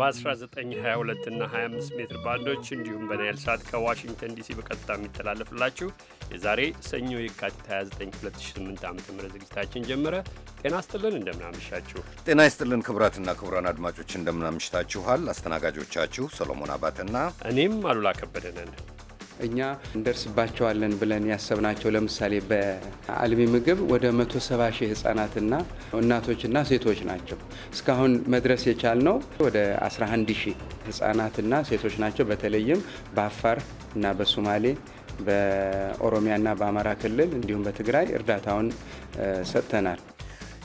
በ1922 እና 25 ሜትር ባንዶች እንዲሁም በናይል ሳት ከዋሽንግተን ዲሲ በቀጥታ የሚተላለፍላችሁ የዛሬ ሰኞ የካቲት 29 2008 ዓ ም ዝግጅታችን ጀመረ። ጤና ይስጥልን፣ እንደምናምሻችሁ። ጤና ይስጥልን ክቡራትና ክቡራን አድማጮች እንደምናምሽታችኋል። አስተናጋጆቻችሁ ሰሎሞን አባተና እኔም አሉላ ከበደ ነን። እኛ እንደርስባቸዋለን ብለን ያሰብናቸው ለምሳሌ በአልሚ ምግብ ወደ 170 ሺህ ህጻናትና እናቶችና ሴቶች ናቸው። እስካሁን መድረስ የቻልነው ወደ 11 ሺህ ህጻናትና ሴቶች ናቸው። በተለይም በአፋር እና በሶማሌ በኦሮሚያና በአማራ ክልል እንዲሁም በትግራይ እርዳታውን ሰጥተናል።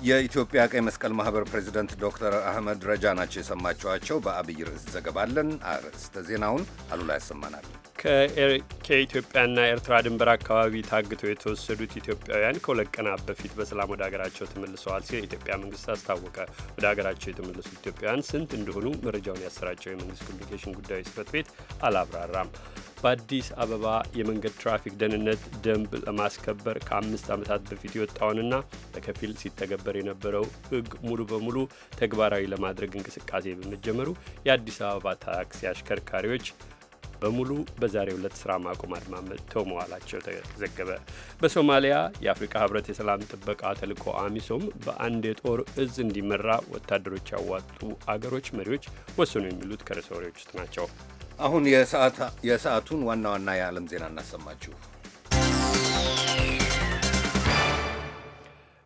የኢትዮጵያ ቀይ መስቀል ማህበር ፕሬዚደንት ዶክተር አህመድ ረጃ ናቸው የሰማችኋቸው። በአብይ ርዕስ ዘገባለን አርዕስተ ዜናውን አሉላ ያሰማናል። ከኢትዮጵያና ኤርትራ ድንበር አካባቢ ታግተው የተወሰዱት ኢትዮጵያውያን ከሁለት ቀናት በፊት በሰላም ወደ ሀገራቸው ተመልሰዋል ሲል የኢትዮጵያ መንግስት አስታወቀ። ወደ ሀገራቸው የተመለሱት ኢትዮጵያውያን ስንት እንደሆኑ መረጃውን ያሰራጨው የመንግስት ኮሚኒኬሽን ጉዳዮች ጽህፈት ቤት አላብራራም። በአዲስ አበባ የመንገድ ትራፊክ ደህንነት ደንብ ለማስከበር ከአምስት ዓመታት በፊት የወጣውንና በከፊል ሲተገበር የነበረው ሕግ ሙሉ በሙሉ ተግባራዊ ለማድረግ እንቅስቃሴ በመጀመሩ የአዲስ አበባ ታክሲ አሽከርካሪዎች በሙሉ በዛሬ ሁለት ስራ ማቆም አድማ መጥተው መዋላቸው ተዘገበ። በሶማሊያ የአፍሪካ ህብረት የሰላም ጥበቃ ተልእኮ አሚሶም በአንድ የጦር እዝ እንዲመራ ወታደሮች ያዋጡ አገሮች መሪዎች ወሰኑ። የሚሉት ከርዕሰ ወሬዎች ውስጥ ናቸው። አሁን የሰዓቱን ዋና ዋና የዓለም ዜና እናሰማችሁ።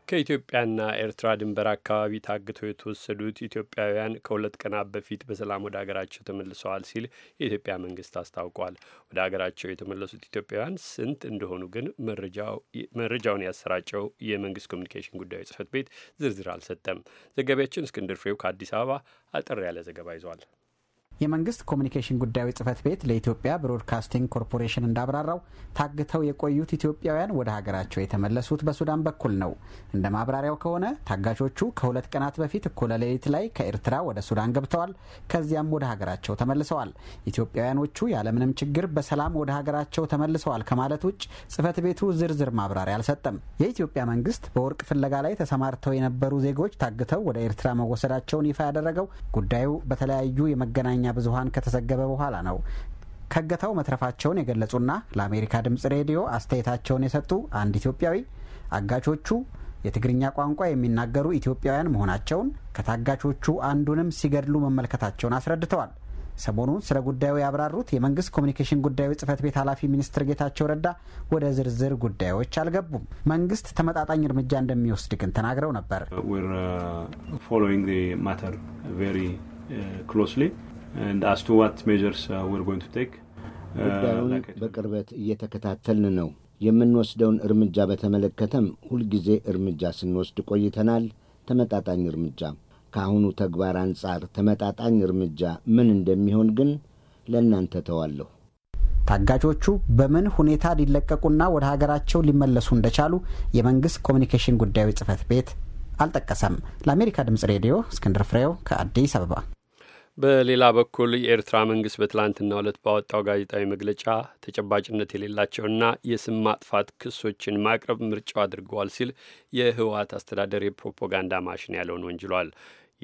ከኢትዮጵያና ኤርትራ ድንበር አካባቢ ታግተው የተወሰዱት ኢትዮጵያውያን ከሁለት ቀናት በፊት በሰላም ወደ ሀገራቸው ተመልሰዋል ሲል የኢትዮጵያ መንግስት አስታውቋል። ወደ ሀገራቸው የተመለሱት ኢትዮጵያውያን ስንት እንደሆኑ ግን መረጃውን ያሰራጨው የመንግስት ኮሚኒኬሽን ጉዳዮች ጽህፈት ቤት ዝርዝር አልሰጠም። ዘጋቢያችን እስክንድር ፍሬው ከአዲስ አበባ አጠር ያለ ዘገባ ይዟል። የመንግስት ኮሚኒኬሽን ጉዳዮች ጽህፈት ቤት ለኢትዮጵያ ብሮድካስቲንግ ኮርፖሬሽን እንዳብራራው ታግተው የቆዩት ኢትዮጵያውያን ወደ ሀገራቸው የተመለሱት በሱዳን በኩል ነው። እንደ ማብራሪያው ከሆነ ታጋቾቹ ከሁለት ቀናት በፊት እኩለ ሌሊት ላይ ከኤርትራ ወደ ሱዳን ገብተዋል። ከዚያም ወደ ሀገራቸው ተመልሰዋል። ኢትዮጵያውያኖቹ ያለምንም ችግር በሰላም ወደ ሀገራቸው ተመልሰዋል ከማለት ውጭ ጽህፈት ቤቱ ዝርዝር ማብራሪያ አልሰጠም። የኢትዮጵያ መንግስት በወርቅ ፍለጋ ላይ ተሰማርተው የነበሩ ዜጎች ታግተው ወደ ኤርትራ መወሰዳቸውን ይፋ ያደረገው ጉዳዩ በተለያዩ የመገናኛ መገናኛ ብዙሀን ከተዘገበ በኋላ ነው። ከገተው መትረፋቸውን የገለጹና ለአሜሪካ ድምፅ ሬዲዮ አስተያየታቸውን የሰጡ አንድ ኢትዮጵያዊ አጋቾቹ የትግርኛ ቋንቋ የሚናገሩ ኢትዮጵያውያን መሆናቸውን ከታጋቾቹ አንዱንም ሲገድሉ መመልከታቸውን አስረድተዋል። ሰሞኑን ስለ ጉዳዩ ያብራሩት የመንግስት ኮሚኒኬሽን ጉዳዮች ጽህፈት ቤት ኃላፊ ሚኒስትር ጌታቸው ረዳ ወደ ዝርዝር ጉዳዮች አልገቡም። መንግስት ተመጣጣኝ እርምጃ እንደሚወስድ ግን ተናግረው ነበር። ጉዳዩን በቅርበት እየተከታተልን ነው። የምንወስደውን እርምጃ በተመለከተም ሁልጊዜ እርምጃ ስንወስድ ቆይተናል። ተመጣጣኝ እርምጃ ከአሁኑ ተግባር አንጻር ተመጣጣኝ እርምጃ ምን እንደሚሆን ግን ለእናንተ ተዋለሁ። ታጋቾቹ በምን ሁኔታ ሊለቀቁና ወደ ሀገራቸው ሊመለሱ እንደቻሉ የመንግስት ኮሚኒኬሽን ጉዳዮች ጽህፈት ቤት አልጠቀሰም። ለአሜሪካ ድምጽ ሬዲዮ እስክንድር ፍሬው ከአዲስ አበባ በሌላ በኩል የኤርትራ መንግስት በትላንትና ዕለት ባወጣው ጋዜጣዊ መግለጫ ተጨባጭነት የሌላቸውና የስም ማጥፋት ክሶችን ማቅረብ ምርጫው አድርገዋል ሲል የህወሀት አስተዳደር የፕሮፓጋንዳ ማሽን ያለውን ወንጅሏል።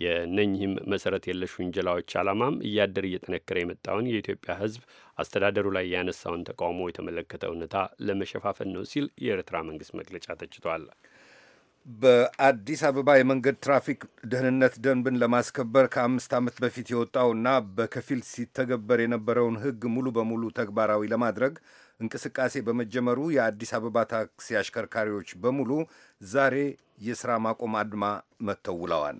የነኝህም መሰረት የለሽ ውንጀላዎች ዓላማም እያደር እየጠነከረ የመጣውን የኢትዮጵያ ህዝብ አስተዳደሩ ላይ ያነሳውን ተቃውሞ የተመለከተ እውነታ ለመሸፋፈን ነው ሲል የኤርትራ መንግስት መግለጫ ተችቷል። በአዲስ አበባ የመንገድ ትራፊክ ደህንነት ደንብን ለማስከበር ከአምስት ዓመት በፊት የወጣውና በከፊል ሲተገበር የነበረውን ሕግ ሙሉ በሙሉ ተግባራዊ ለማድረግ እንቅስቃሴ በመጀመሩ የአዲስ አበባ ታክሲ አሽከርካሪዎች በሙሉ ዛሬ የሥራ ማቆም አድማ መጥተው ውለዋል።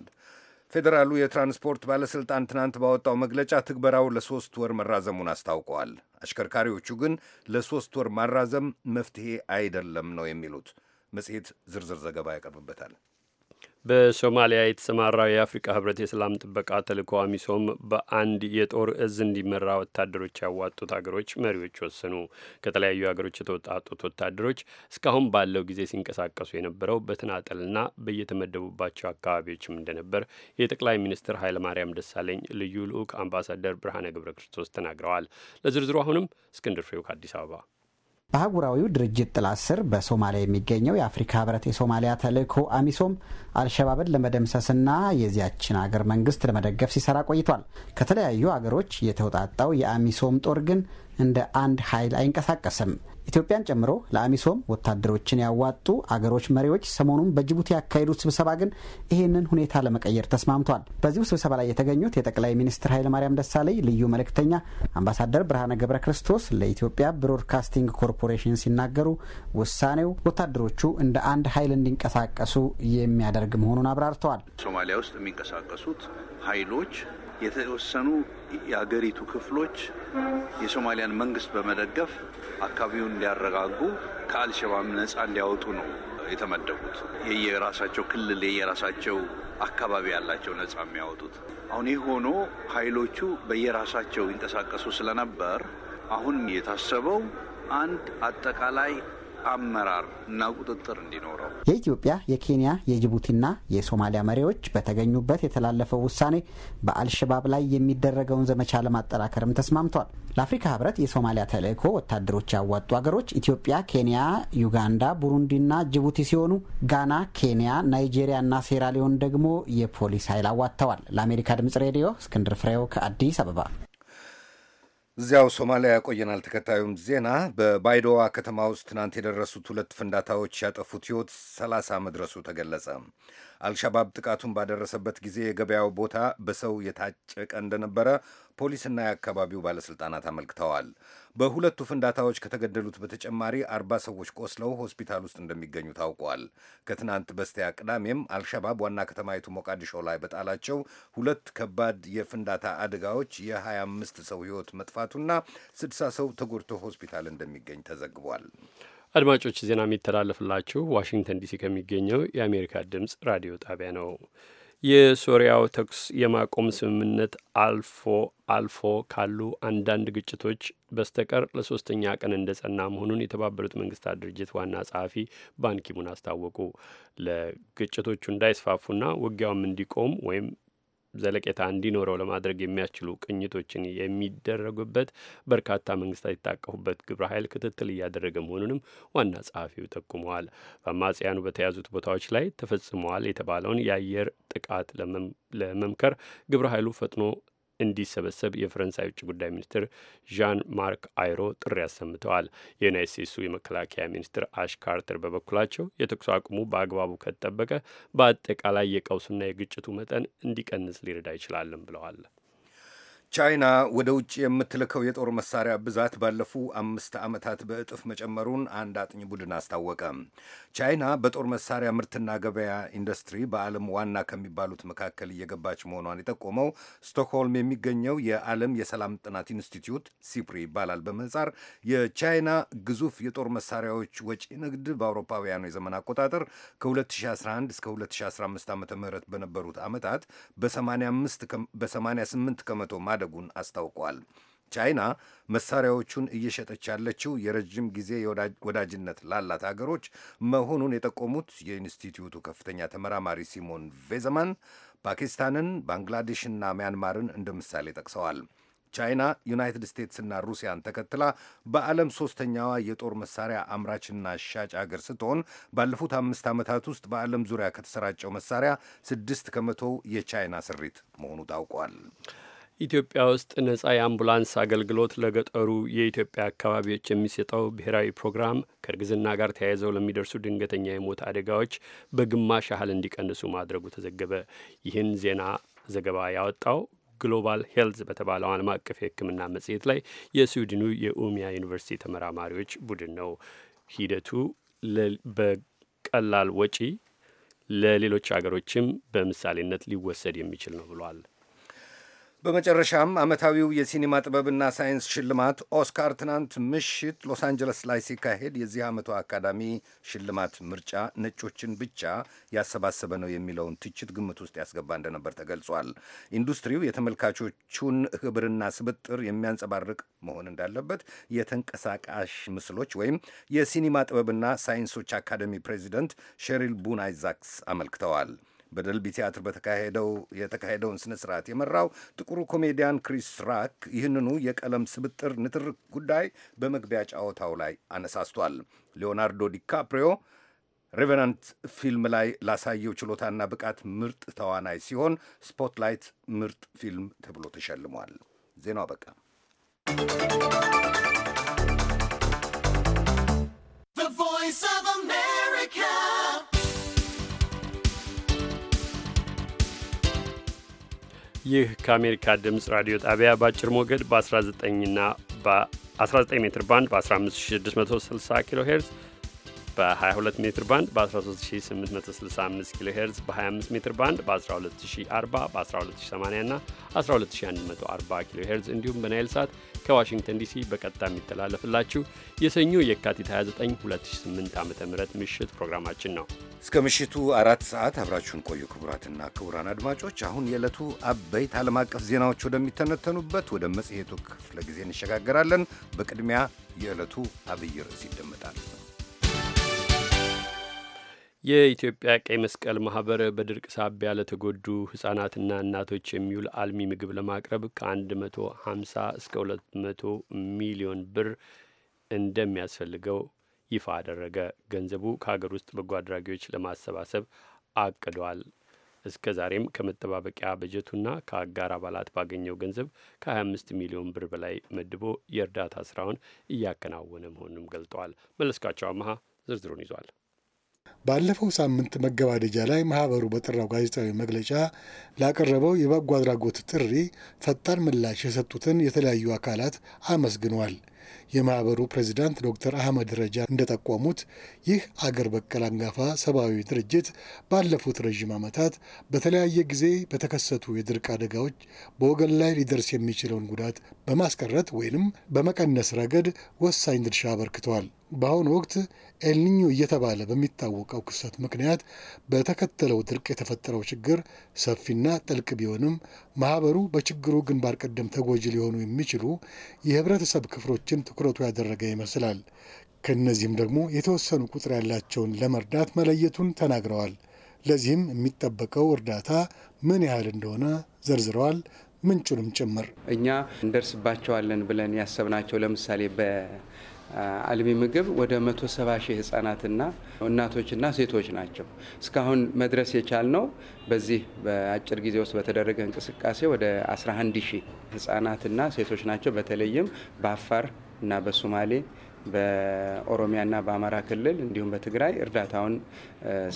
ፌዴራሉ የትራንስፖርት ባለሥልጣን ትናንት ባወጣው መግለጫ ትግበራው ለሦስት ወር መራዘሙን አስታውቀዋል። አሽከርካሪዎቹ ግን ለሦስት ወር ማራዘም መፍትሄ አይደለም ነው የሚሉት። መጽሔት ዝርዝር ዘገባ ያቀርብበታል። በሶማሊያ የተሰማራው የአፍሪካ ህብረት የሰላም ጥበቃ ተልእኮ አሚሶም በአንድ የጦር እዝ እንዲመራ ወታደሮች ያዋጡት ሀገሮች መሪዎች ወሰኑ። ከተለያዩ ሀገሮች የተወጣጡት ወታደሮች እስካሁን ባለው ጊዜ ሲንቀሳቀሱ የነበረው በተናጠልና በየተመደቡባቸው አካባቢዎችም እንደነበር የጠቅላይ ሚኒስትር ኃይለማርያም ደሳለኝ ልዩ ልዑክ አምባሳደር ብርሃነ ገብረ ክርስቶስ ተናግረዋል። ለዝርዝሩ አሁንም እስክንድር ፍሬው ከአዲስ አበባ በአህጉራዊው ድርጅት ጥላ ስር በሶማሊያ የሚገኘው የአፍሪካ ህብረት የሶማሊያ ተልእኮ አሚሶም አልሸባብን ለመደምሰስና የዚያችን አገር መንግስት ለመደገፍ ሲሰራ ቆይቷል። ከተለያዩ አገሮች የተውጣጣው የአሚሶም ጦር ግን እንደ አንድ ኃይል አይንቀሳቀስም። ኢትዮጵያን ጨምሮ ለአሚሶም ወታደሮችን ያዋጡ አገሮች መሪዎች ሰሞኑን በጅቡቲ ያካሄዱት ስብሰባ ግን ይህንን ሁኔታ ለመቀየር ተስማምቷል። በዚሁ ስብሰባ ላይ የተገኙት የጠቅላይ ሚኒስትር ኃይለማርያም ደሳለኝ ልዩ መልእክተኛ አምባሳደር ብርሃነ ገብረ ክርስቶስ ለኢትዮጵያ ብሮድካስቲንግ ኮርፖሬሽን ሲናገሩ ውሳኔው ወታደሮቹ እንደ አንድ ኃይል እንዲንቀሳቀሱ የሚያደርግ መሆኑን አብራርተዋል። ሶማሊያ ውስጥ የሚንቀሳቀሱት ኃይሎች የተወሰኑ የአገሪቱ ክፍሎች የሶማሊያን መንግስት በመደገፍ አካባቢውን እንዲያረጋጉ ከአልሸባብ ነፃ እንዲያወጡ ነው የተመደቡት። የየራሳቸው ክልል የየራሳቸው አካባቢ ያላቸው ነጻ የሚያወጡት። አሁን ይህ ሆኖ ኃይሎቹ በየራሳቸው ይንቀሳቀሱ ስለነበር አሁን የታሰበው አንድ አጠቃላይ አመራር እና ቁጥጥር እንዲኖረው የኢትዮጵያ የኬንያ የጅቡቲና የሶማሊያ መሪዎች በተገኙበት የተላለፈው ውሳኔ በአልሸባብ ላይ የሚደረገውን ዘመቻ ለማጠናከርም ተስማምቷል። ለአፍሪካ ህብረት የሶማሊያ ተልእኮ ወታደሮች ያዋጡ ሀገሮች ኢትዮጵያ፣ ኬንያ፣ ዩጋንዳ፣ ቡሩንዲና ጅቡቲ ሲሆኑ ጋና፣ ኬንያ፣ ናይጄሪያና ሴራሊዮን ደግሞ የፖሊስ ኃይል አዋጥተዋል። ለአሜሪካ ድምጽ ሬዲዮ እስክንድር ፍሬው ከአዲስ አበባ እዚያው ሶማሊያ ያቆየናል። ተከታዩም ዜና በባይዶዋ ከተማ ውስጥ ትናንት የደረሱት ሁለት ፍንዳታዎች ያጠፉት ሕይወት ሰላሳ መድረሱ ተገለጸ። አልሻባብ ጥቃቱን ባደረሰበት ጊዜ የገበያው ቦታ በሰው የታጨቀ እንደነበረ ፖሊስና የአካባቢው ባለሥልጣናት አመልክተዋል። በሁለቱ ፍንዳታዎች ከተገደሉት በተጨማሪ አርባ ሰዎች ቆስለው ሆስፒታል ውስጥ እንደሚገኙ ታውቋል። ከትናንት በስቲያ ቅዳሜም አልሸባብ ዋና ከተማይቱ ሞቃዲሾ ላይ በጣላቸው ሁለት ከባድ የፍንዳታ አደጋዎች የ25 ሰው ሕይወት መጥፋቱና 60 ሰው ተጎድቶ ሆስፒታል እንደሚገኝ ተዘግቧል። አድማጮች ዜና የሚተላለፍላችሁ ዋሽንግተን ዲሲ ከሚገኘው የአሜሪካ ድምፅ ራዲዮ ጣቢያ ነው። የሶሪያው ተኩስ የማቆም ስምምነት አልፎ አልፎ ካሉ አንዳንድ ግጭቶች በስተቀር ለሶስተኛ ቀን እንደጸና መሆኑን የተባበሩት መንግስታት ድርጅት ዋና ጸሐፊ ባንኪሙን አስታወቁ። ለግጭቶቹ እንዳይስፋፉና ውጊያውም እንዲቆም ወይም ዘለቄታ እንዲኖረው ለማድረግ የሚያስችሉ ቅኝቶችን የሚደረጉበት በርካታ መንግስታት የታቀፉበት ግብረ ኃይል ክትትል እያደረገ መሆኑንም ዋና ጸሐፊው ጠቁመዋል። በአማጽያኑ በተያዙት ቦታዎች ላይ ተፈጽመዋል የተባለውን የአየር ጥቃት ለመምከር ግብረ ኃይሉ ፈጥኖ እንዲሰበሰብ የፈረንሳይ ውጭ ጉዳይ ሚኒስትር ዣን ማርክ አይሮ ጥሪ አሰምተዋል። የዩናይት ስቴትሱ የመከላከያ ሚኒስትር አሽ ካርተር በበኩላቸው የተኩስ አቁሙ በአግባቡ ከተጠበቀ በአጠቃላይ የቀውሱና የግጭቱ መጠን እንዲቀንስ ሊረዳ ይችላልም ብለዋል። ቻይና ወደ ውጭ የምትልከው የጦር መሳሪያ ብዛት ባለፉ አምስት ዓመታት በእጥፍ መጨመሩን አንድ አጥኚ ቡድን አስታወቀ። ቻይና በጦር መሳሪያ ምርትና ገበያ ኢንዱስትሪ በዓለም ዋና ከሚባሉት መካከል እየገባች መሆኗን የጠቆመው ስቶክሆልም የሚገኘው የዓለም የሰላም ጥናት ኢንስቲትዩት ሲፕሪ ይባላል በምህጻር የቻይና ግዙፍ የጦር መሳሪያዎች ወጪ ንግድ በአውሮፓውያኑ የዘመን አቆጣጠር ከ2011 እስከ 2015 ዓ ም በነበሩት ዓመታት በ88 ከመቶ ማደጉን አስታውቋል። ቻይና መሳሪያዎቹን እየሸጠች ያለችው የረዥም ጊዜ ወዳጅነት ላላት አገሮች መሆኑን የጠቆሙት የኢንስቲትዩቱ ከፍተኛ ተመራማሪ ሲሞን ቬዘማን ፓኪስታንን፣ ባንግላዴሽና ሚያንማርን እንደ ምሳሌ ጠቅሰዋል። ቻይና ዩናይትድ ስቴትስና ሩሲያን ተከትላ በዓለም ሦስተኛዋ የጦር መሳሪያ አምራችና ሻጭ አገር ስትሆን ባለፉት አምስት ዓመታት ውስጥ በዓለም ዙሪያ ከተሰራጨው መሳሪያ ስድስት ከመቶው የቻይና ስሪት መሆኑ ታውቋል። ኢትዮጵያ ውስጥ ነጻ የአምቡላንስ አገልግሎት ለገጠሩ የኢትዮጵያ አካባቢዎች የሚሰጠው ብሔራዊ ፕሮግራም ከእርግዝና ጋር ተያይዘው ለሚደርሱ ድንገተኛ የሞት አደጋዎች በግማሽ ያህል እንዲቀንሱ ማድረጉ ተዘገበ። ይህን ዜና ዘገባ ያወጣው ግሎባል ሄልዝ በተባለው ዓለም አቀፍ የሕክምና መጽሔት ላይ የስዊድኑ የኡሚያ ዩኒቨርሲቲ ተመራማሪዎች ቡድን ነው። ሂደቱ በቀላል ወጪ ለሌሎች ሀገሮችም በምሳሌነት ሊወሰድ የሚችል ነው ብሏል። በመጨረሻም ዓመታዊው የሲኒማ ጥበብና ሳይንስ ሽልማት ኦስካር ትናንት ምሽት ሎስ አንጀለስ ላይ ሲካሄድ የዚህ ዓመቱ አካዳሚ ሽልማት ምርጫ ነጮችን ብቻ ያሰባሰበ ነው የሚለውን ትችት ግምት ውስጥ ያስገባ እንደነበር ተገልጿል። ኢንዱስትሪው የተመልካቾቹን ህብርና ስብጥር የሚያንጸባርቅ መሆን እንዳለበት የተንቀሳቃሽ ምስሎች ወይም የሲኒማ ጥበብና ሳይንሶች አካደሚ ፕሬዚደንት ሼሪል ቡን አይዛክስ አመልክተዋል። በደልቢ ቲያትር በተካሄደው የተካሄደውን ስነ ስርዓት የመራው ጥቁሩ ኮሜዲያን ክሪስ ራክ ይህንኑ የቀለም ስብጥር ንትርክ ጉዳይ በመግቢያ ጨዋታው ላይ አነሳስቷል። ሊዮናርዶ ዲካፕሪዮ ሬቨናንት ፊልም ላይ ላሳየው ችሎታና ብቃት ምርጥ ተዋናይ ሲሆን ስፖትላይት ምርጥ ፊልም ተብሎ ተሸልሟል። ዜናው አበቃ። ቮይስ ኦፍ አሜሪካ ይህ ከአሜሪካ ድምፅ ራዲዮ ጣቢያ በአጭር ሞገድ በ19 ና በ19 ሜትር ባንድ በ15660 ኪሎ ሄርዝ በ22 ሜትር ባንድ በ13865 ኪሎ ሄርዝ በ25 ሜትር ባንድ በ12040 በ12080 እና 12140 ኪሎ ሄርዝ እንዲሁም በናይል ሳት ከዋሽንግተን ዲሲ በቀጥታ የሚተላለፍላችሁ የሰኞ የካቲት 29 2008 ዓ ም ምሽት ፕሮግራማችን ነው። እስከ ምሽቱ አራት ሰዓት አብራችሁን ቆዩ። ክቡራትና ክቡራን አድማጮች አሁን የዕለቱ አበይት ዓለም አቀፍ ዜናዎች ወደሚተነተኑበት ወደ መጽሔቱ ክፍለ ጊዜ እንሸጋገራለን። በቅድሚያ የዕለቱ አብይ ርዕስ ይደመጣል። የኢትዮጵያ ቀይ መስቀል ማህበር በድርቅ ሳቢያ ለተጎዱ ህጻናትና እናቶች የሚውል አልሚ ምግብ ለማቅረብ ከ150 እስከ 200 ሚሊዮን ብር እንደሚያስፈልገው ይፋ አደረገ። ገንዘቡ ከሀገር ውስጥ በጎ አድራጊዎች ለማሰባሰብ አቅዷል። እስከ ዛሬም ከመጠባበቂያ በጀቱና ከአጋር አባላት ባገኘው ገንዘብ ከ25 ሚሊዮን ብር በላይ መድቦ የእርዳታ ስራውን እያከናወነ መሆኑንም ገልጠዋል። መለስካቸው አመሃ ዝርዝሩን ይዟል። ባለፈው ሳምንት መገባደጃ ላይ ማህበሩ በጠራው ጋዜጣዊ መግለጫ ላቀረበው የበጎ አድራጎት ጥሪ ፈጣን ምላሽ የሰጡትን የተለያዩ አካላት አመስግነዋል። የማህበሩ ፕሬዚዳንት ዶክተር አህመድ ረጃ እንደጠቆሙት ይህ አገር በቀል አንጋፋ ሰብአዊ ድርጅት ባለፉት ረዥም ዓመታት በተለያየ ጊዜ በተከሰቱ የድርቅ አደጋዎች በወገን ላይ ሊደርስ የሚችለውን ጉዳት በማስቀረት ወይንም በመቀነስ ረገድ ወሳኝ ድርሻ አበርክተዋል። በአሁኑ ወቅት ኤልኒኞ እየተባለ በሚታወቀው ክስተት ምክንያት በተከተለው ድርቅ የተፈጠረው ችግር ሰፊና ጥልቅ ቢሆንም ማህበሩ በችግሩ ግንባር ቀደም ተጎጂ ሊሆኑ የሚችሉ የህብረተሰብ ክፍሎችን ትኩረቱ ያደረገ ይመስላል። ከእነዚህም ደግሞ የተወሰኑ ቁጥር ያላቸውን ለመርዳት መለየቱን ተናግረዋል። ለዚህም የሚጠበቀው እርዳታ ምን ያህል እንደሆነ ዘርዝረዋል። ምንጩንም ጭምር እኛ እንደርስባቸዋለን ብለን ያሰብናቸው ለምሳሌ አልሚ ምግብ ወደ 170 ሺህ ህጻናትና እናቶችና ሴቶች ናቸው። እስካሁን መድረስ የቻልነው በዚህ በአጭር ጊዜ ውስጥ በተደረገ እንቅስቃሴ ወደ 11 ሺህ ህጻናትና ሴቶች ናቸው። በተለይም በአፋር እና በሶማሌ በኦሮሚያና በአማራ ክልል እንዲሁም በትግራይ እርዳታውን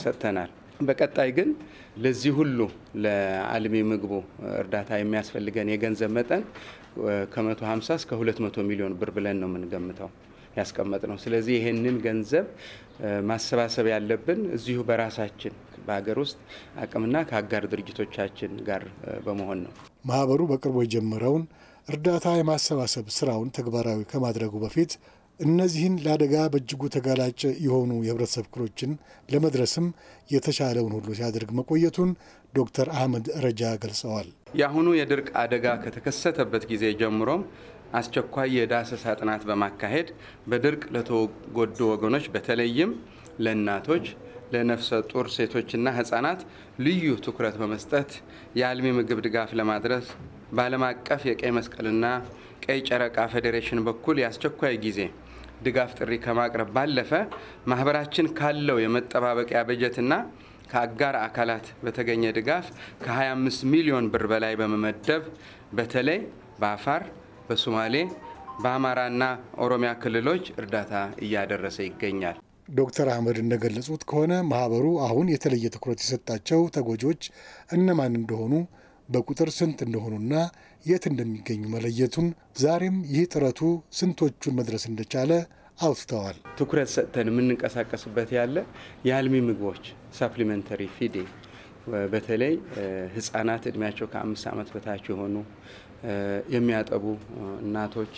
ሰጥተናል። በቀጣይ ግን ለዚህ ሁሉ ለአልሚ ምግቡ እርዳታ የሚያስፈልገን የገንዘብ መጠን ከ150 እስከ 200 ሚሊዮን ብር ብለን ነው የምንገምተው። ያስቀመጥ ነው። ስለዚህ ይህንን ገንዘብ ማሰባሰብ ያለብን እዚሁ በራሳችን በሀገር ውስጥ አቅምና ከአጋር ድርጅቶቻችን ጋር በመሆን ነው። ማህበሩ በቅርቡ የጀመረውን እርዳታ የማሰባሰብ ስራውን ተግባራዊ ከማድረጉ በፊት እነዚህን ለአደጋ በእጅጉ ተጋላጭ የሆኑ የህብረተሰብ ክፍሎችን ለመድረስም የተሻለውን ሁሉ ሲያደርግ መቆየቱን ዶክተር አህመድ ረጃ ገልጸዋል። የአሁኑ የድርቅ አደጋ ከተከሰተበት ጊዜ ጀምሮም አስቸኳይ የዳሰሳ ጥናት በማካሄድ በድርቅ ለተጎዱ ወገኖች በተለይም ለእናቶች፣ ለነፍሰ ጡር ሴቶችና ህጻናት ልዩ ትኩረት በመስጠት የአልሚ ምግብ ድጋፍ ለማድረስ በዓለም አቀፍ የቀይ መስቀልና ቀይ ጨረቃ ፌዴሬሽን በኩል የአስቸኳይ ጊዜ ድጋፍ ጥሪ ከማቅረብ ባለፈ ማህበራችን ካለው የመጠባበቂያ በጀትና ከአጋር አካላት በተገኘ ድጋፍ ከ25 ሚሊዮን ብር በላይ በመመደብ በተለይ በአፋር በሶማሌ በአማራና ኦሮሚያ ክልሎች እርዳታ እያደረሰ ይገኛል። ዶክተር አህመድ እንደገለጹት ከሆነ ማህበሩ አሁን የተለየ ትኩረት የሰጣቸው ተጎጂዎች እነማን እንደሆኑ በቁጥር ስንት እንደሆኑና የት እንደሚገኙ መለየቱን፣ ዛሬም ይህ ጥረቱ ስንቶቹን መድረስ እንደቻለ አውስተዋል። ትኩረት ሰጥተን የምንንቀሳቀስበት ያለ የአልሚ ምግቦች ሳፕሊመንተሪ ፊዴ በተለይ ህጻናት እድሜያቸው ከአምስት ዓመት በታች የሆኑ የሚያጠቡ እናቶች፣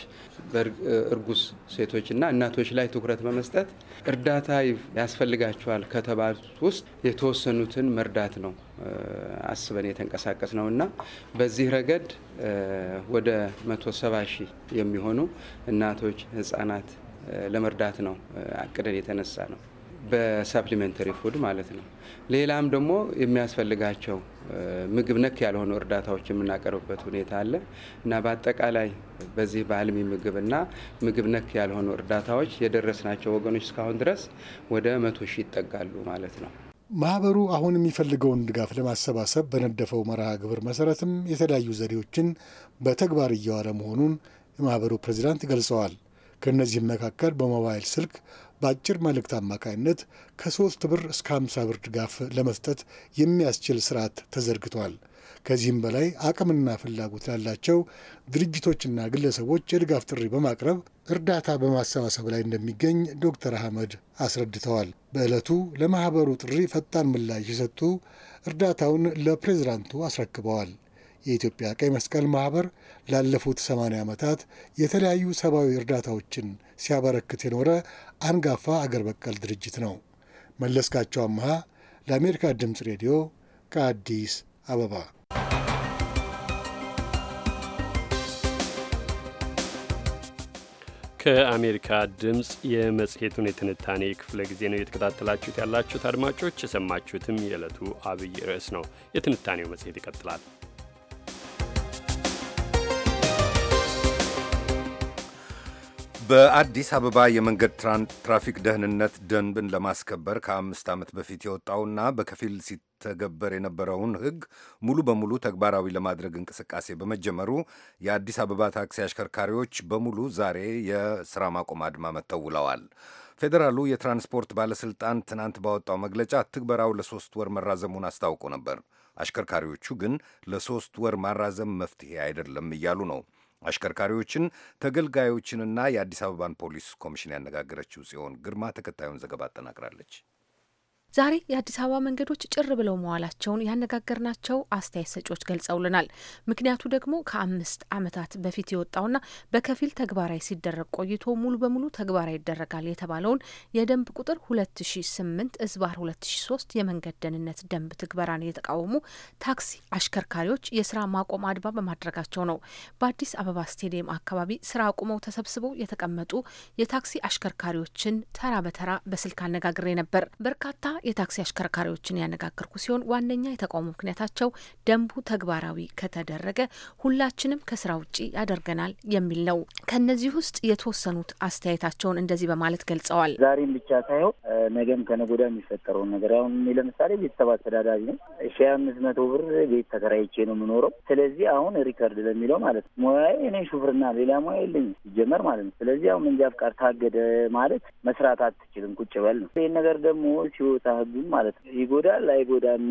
እርጉስ ሴቶች እና እናቶች ላይ ትኩረት በመስጠት እርዳታ ያስፈልጋቸዋል ከተባሉት ውስጥ የተወሰኑትን መርዳት ነው አስበን የተንቀሳቀስ ነው እና በዚህ ረገድ ወደ 170 ሺህ የሚሆኑ እናቶች፣ ህጻናት ለመርዳት ነው አቅደን የተነሳ ነው። በሳፕሊሜንተሪ ፉድ ማለት ነው። ሌላም ደግሞ የሚያስፈልጋቸው ምግብ ነክ ያልሆኑ እርዳታዎች የምናቀርብበት ሁኔታ አለ እና በአጠቃላይ በዚህ በአልሚ ምግብና ምግብ ነክ ያልሆኑ እርዳታዎች የደረስናቸው ወገኖች እስካሁን ድረስ ወደ መቶ ሺህ ይጠጋሉ ማለት ነው። ማህበሩ አሁን የሚፈልገውን ድጋፍ ለማሰባሰብ በነደፈው መርሃ ግብር መሰረትም የተለያዩ ዘዴዎችን በተግባር እየዋለ መሆኑን የማህበሩ ፕሬዚዳንት ገልጸዋል። ከእነዚህም መካከል በሞባይል ስልክ በአጭር መልእክት አማካይነት ከሶስት ብር እስከ 50 ብር ድጋፍ ለመስጠት የሚያስችል ስርዓት ተዘርግቷል። ከዚህም በላይ አቅምና ፍላጎት ላላቸው ድርጅቶችና ግለሰቦች የድጋፍ ጥሪ በማቅረብ እርዳታ በማሰባሰብ ላይ እንደሚገኝ ዶክተር አህመድ አስረድተዋል። በዕለቱ ለማህበሩ ጥሪ ፈጣን ምላሽ የሰጡ እርዳታውን ለፕሬዝዳንቱ አስረክበዋል። የኢትዮጵያ ቀይ መስቀል ማህበር ላለፉት 80 ዓመታት የተለያዩ ሰብአዊ እርዳታዎችን ሲያበረክት የኖረ አንጋፋ አገር በቀል ድርጅት ነው። መለስካቸው አምሃ ለአሜሪካ ድምፅ ሬዲዮ ከአዲስ አበባ ከአሜሪካ ድምፅ የመጽሔቱን የትንታኔ ክፍለ ጊዜ ነው እየተከታተላችሁት ያላችሁት አድማጮች። የሰማችሁትም የዕለቱ አብይ ርዕስ ነው። የትንታኔው መጽሔት ይቀጥላል። በአዲስ አበባ የመንገድ ትራፊክ ደህንነት ደንብን ለማስከበር ከአምስት ዓመት በፊት የወጣውና በከፊል ሲተገበር የነበረውን ሕግ ሙሉ በሙሉ ተግባራዊ ለማድረግ እንቅስቃሴ በመጀመሩ የአዲስ አበባ ታክሲ አሽከርካሪዎች በሙሉ ዛሬ የሥራ ማቆም አድማ መጥተው ውለዋል። ፌዴራሉ የትራንስፖርት ባለሥልጣን ትናንት ባወጣው መግለጫ ትግበራው ለሶስት ወር መራዘሙን አስታውቆ ነበር። አሽከርካሪዎቹ ግን ለሶስት ወር ማራዘም መፍትሄ አይደለም እያሉ ነው። አሽከርካሪዎችን፣ ተገልጋዮችንና የአዲስ አበባን ፖሊስ ኮሚሽን ያነጋገረችው ጽዮን ግርማ ተከታዩን ዘገባ አጠናቅራለች። ዛሬ የአዲስ አበባ መንገዶች ጭር ብለው መዋላቸውን ያነጋገርናቸው አስተያየት ሰጪዎች ገልጸውልናል። ምክንያቱ ደግሞ ከአምስት ዓመታት በፊት የወጣውና በከፊል ተግባራዊ ሲደረግ ቆይቶ ሙሉ በሙሉ ተግባራዊ ይደረጋል የተባለውን የደንብ ቁጥር 2008 እዝባር 2003 የመንገድ ደህንነት ደንብ ትግበራን የተቃወሙ ታክሲ አሽከርካሪዎች የስራ ማቆም አድማ በማድረጋቸው ነው። በአዲስ አበባ ስቴዲየም አካባቢ ስራ አቁመው ተሰብስበው የተቀመጡ የታክሲ አሽከርካሪዎችን ተራ በተራ በስልክ አነጋግሬ ነበር። በርካታ የታክሲ አሽከርካሪዎችን ያነጋገርኩ ሲሆን ዋነኛ የተቃውሞ ምክንያታቸው ደንቡ ተግባራዊ ከተደረገ ሁላችንም ከስራ ውጪ ያደርገናል የሚል ነው። ከእነዚህ ውስጥ የተወሰኑት አስተያየታቸውን እንደዚህ በማለት ገልጸዋል። ዛሬም ብቻ ሳይሆን ነገም ከነጎዳ የሚፈጠረውን ነገር አሁን ለምሳሌ ቤተሰብ አስተዳዳሪ ነው። ሺ አምስት መቶ ብር ቤት ተከራይቼ ነው የምኖረው። ስለዚህ አሁን ሪከርድ ለሚለው ማለት ነው ሙያዬ እኔ ሹፍርና ሌላ ሙያ የለኝ ሲጀመር ማለት ነው። ስለዚህ አሁን መንጃ ፍቃድ ታገደ ማለት መስራት አትችልም፣ ቁጭ በል ነው። ይህን ነገር ደግሞ ሲወጣ ህጉም ማለት ነው። ይጎዳል አይጎዳም፣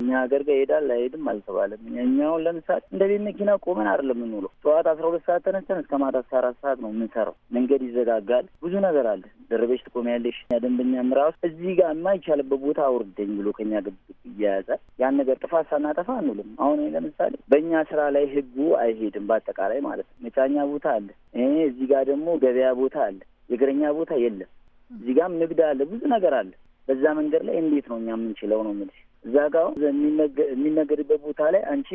እኛ ሀገር ጋር ይሄዳል አይሄድም አልተባለም። እኛውን ለምሳሌ እንደ ቤት መኪና ቆመን አይደለም የምንውለው። ጠዋት አስራ ሁለት ሰዓት ተነስተን እስከ ማታ አስራ አራት ሰዓት ነው የምንሰራው። መንገድ ይዘጋጋል፣ ብዙ ነገር አለ። ደረበሽ ትቆሚያለሽ። ደንበኛ ምራሱ እዚህ ጋር የማይቻልበት ቦታ አውርደኝ ብሎ ከኛ ግብ እያያዛል። ያን ነገር ጥፋት ሳናጠፋ አንውልም። አሁን ለምሳሌ በእኛ ስራ ላይ ህጉ አይሄድም፣ በአጠቃላይ ማለት ነው። መጫኛ ቦታ አለ፣ እዚህ ጋር ደግሞ ገበያ ቦታ አለ፣ የእግረኛ ቦታ የለም። እዚህ ጋም ንግድ አለ፣ ብዙ ነገር አለ። በዛ መንገድ ላይ እንዴት ነው እኛ የምንችለው ነው የምልሽ። እዛ ጋ የሚነገርበት ቦታ ላይ አንቺ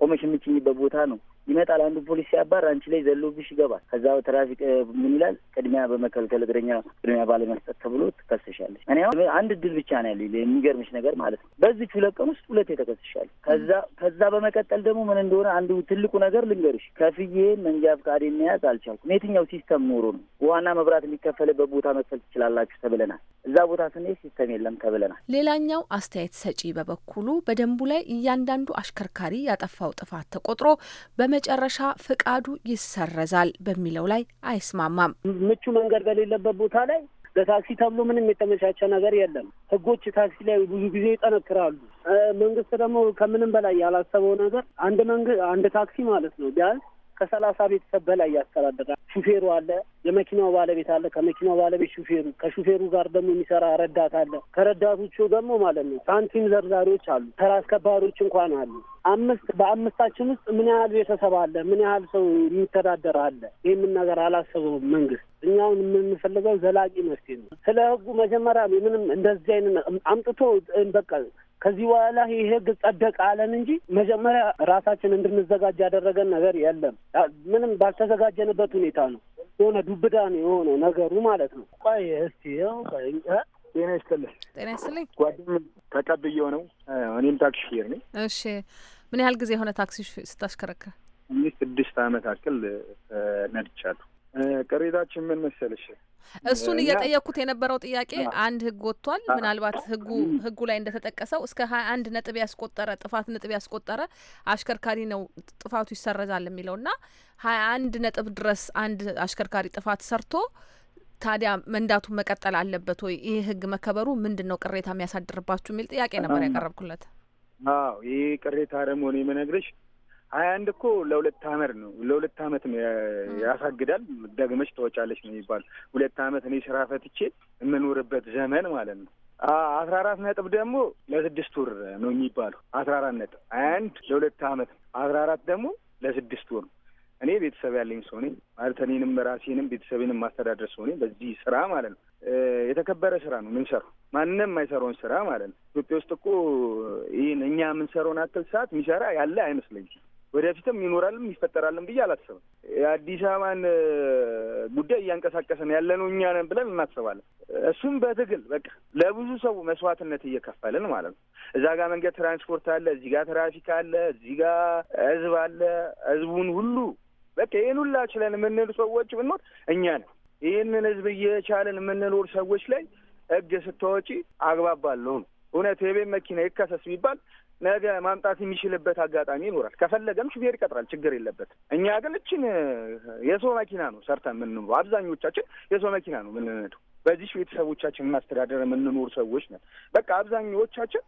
ቆመሽ የምችኝበት ቦታ ነው ይመጣል። አንዱ ፖሊስ ሲያባር አንቺ ላይ ዘሎብሽ ይገባል። ከዛ ትራፊክ ምን ይላል? ቅድሚያ በመከልከል እግረኛ ቅድሚያ ባለመስጠት ተብሎ ትከሰሻለች። እኔ አሁን አንድ እድል ብቻ ነው ያለ የሚገርምሽ ነገር ማለት ነው። በዚህ ሁለት ውስጥ ሁለት ተከስሻለሁ። ከዛ ከዛ በመቀጠል ደግሞ ምን እንደሆነ አንዱ ትልቁ ነገር ልንገርሽ፣ ከፍዬ መንጃ ፍቃድ መያዝ አልቻልኩም። የትኛው ሲስተም ኖሮ ነው ውሃና መብራት የሚከፈልበት ቦታ መክፈል ትችላላችሁ ተብለናል። እዛ ቦታ ስንሄድ ሲስተም የለም ተብለናል። ሌላኛው አስተያየት ሰጪ በበኩሉ በደንቡ ላይ እያንዳንዱ አሽከርካሪ ያጠፋው ጥፋት ተቆጥሮ በመ በመጨረሻ ፍቃዱ ይሰረዛል በሚለው ላይ አይስማማም። ምቹ መንገድ በሌለበት ቦታ ላይ ለታክሲ ተብሎ ምንም የተመቻቸ ነገር የለም። ህጎች ታክሲ ላይ ብዙ ጊዜ ይጠነክራሉ። መንግስት ደግሞ ከምንም በላይ ያላሰበው ነገር አንድ መንግ አንድ ታክሲ ማለት ነው ቢያንስ ከሰላሳ ቤተሰብ በላይ ያስተዳድራል። ሹፌሩ አለ፣ የመኪናው ባለቤት አለ፣ ከመኪናው ባለቤት ሹፌሩ፣ ከሹፌሩ ጋር ደግሞ የሚሰራ ረዳት አለ። ከረዳቶቹ ደግሞ ማለት ነው ሳንቲም ዘርዛሪዎች አሉ፣ ተራ አስከባሪዎች እንኳን አሉ። አምስት በአምስታችን ውስጥ ምን ያህል ቤተሰብ አለ? ምን ያህል ሰው የሚተዳደር አለ? ይህምን ነገር አላሰበውም መንግስት። እኛውን የምንፈልገው ዘላቂ መፍትሄ ነው። ስለ ህጉ መጀመሪያ ምንም እንደዚህ አይነት አምጥቶ በቃ ከዚህ በኋላ ይህ ህግ ጸደቀ አለን እንጂ መጀመሪያ ራሳችን እንድንዘጋጅ ያደረገን ነገር የለም። ምንም ባልተዘጋጀንበት ሁኔታ ነው የሆነ ዱብዳ ነው የሆነው ነገሩ ማለት ነው። ቆይ እስቲ ጤና ይስጥልኝ። ጤና ይስጥልኝ። ጓደኛዬ ተቀብዬው ነው። እኔም ታክሲ ሹፌር ነኝ። እሺ፣ ምን ያህል ጊዜ የሆነ ታክሲ ስታሽከረክር? እኔ ስድስት አመት አክል ነድቻለሁ። ቅሬታችን ምን መሰለሽ እሱን እየጠየቅኩት የነበረው ጥያቄ አንድ ህግ ወጥቷል። ምናልባት ህጉ ህጉ ላይ እንደተጠቀሰው እስከ ሀያ አንድ ነጥብ ያስቆጠረ ጥፋት ነጥብ ያስቆጠረ አሽከርካሪ ነው ጥፋቱ ይሰረዛል የሚለውና ሀያ አንድ ነጥብ ድረስ አንድ አሽከርካሪ ጥፋት ሰርቶ ታዲያ መንዳቱ መቀጠል አለበት ወይ? ይህ ህግ መከበሩ ምንድን ነው ቅሬታ የሚያሳድርባችሁ የሚል ጥያቄ ነበር ያቀረብኩለት። አዎ ይህ ቅሬታ ደግሞ ነው የምነግርሽ ሀያ አንድ እኮ ለሁለት አመት ነው ለሁለት አመት ያሳግዳል። ደግመሽ ተወጫለች ነው የሚባል ሁለት አመት እኔ ስራ ፈትቼ የምኖርበት ዘመን ማለት ነው። አስራ አራት ነጥብ ደግሞ ለስድስት ወር ነው የሚባለው። አስራ አራት ነጥብ ሀያ አንድ ለሁለት አመት አስራ አራት ደግሞ ለስድስት ወር ነው። እኔ ቤተሰብ ያለኝ ሰው ነኝ ማለት እኔንም ራሴንም ቤተሰብንም ማስተዳደር ሰው ነኝ። በዚህ ስራ ማለት ነው የተከበረ ስራ ነው የምንሰራው ማንም የማይሰራውን ስራ ማለት ነው። ኢትዮጵያ ውስጥ እኮ ይህን እኛ የምንሰራውን አክል ሰዓት የሚሰራ ያለ አይመስለኝም። ወደፊትም ይኖራልም ይፈጠራልም ብዬ አላስብም። የአዲስ አበባን ጉዳይ እያንቀሳቀስን ያለነው እኛ ነን ብለን እናስባለን። እሱም በትግል በቃ ለብዙ ሰው መስዋዕትነት እየከፈልን ማለት ነው። እዛ ጋር መንገድ ትራንስፖርት አለ፣ እዚህ ጋር ትራፊክ አለ፣ እዚህ ጋር ህዝብ አለ። ህዝቡን ሁሉ በቃ ይህን ሁላ ችለን የምንል ሰዎች ብንኖር እኛ ነን። ይህንን ህዝብ እየቻለን የምንኖር ሰዎች ላይ ህግ ስታወጪ አግባብ ነው። እውነት የቤት መኪና ይከሰስ ቢባል ነገ ማምጣት የሚችልበት አጋጣሚ ይኖራል። ከፈለገም ሹፌር ይቀጥራል፣ ችግር የለበት። እኛ ግን እችን የሰው መኪና ነው ሰርተን የምንኖ አብዛኞቻችን የሰው መኪና ነው የምንነደው። በዚህ ቤተሰቦቻችን ማስተዳደር የምንኖር ሰዎች ነን። በቃ አብዛኛዎቻችን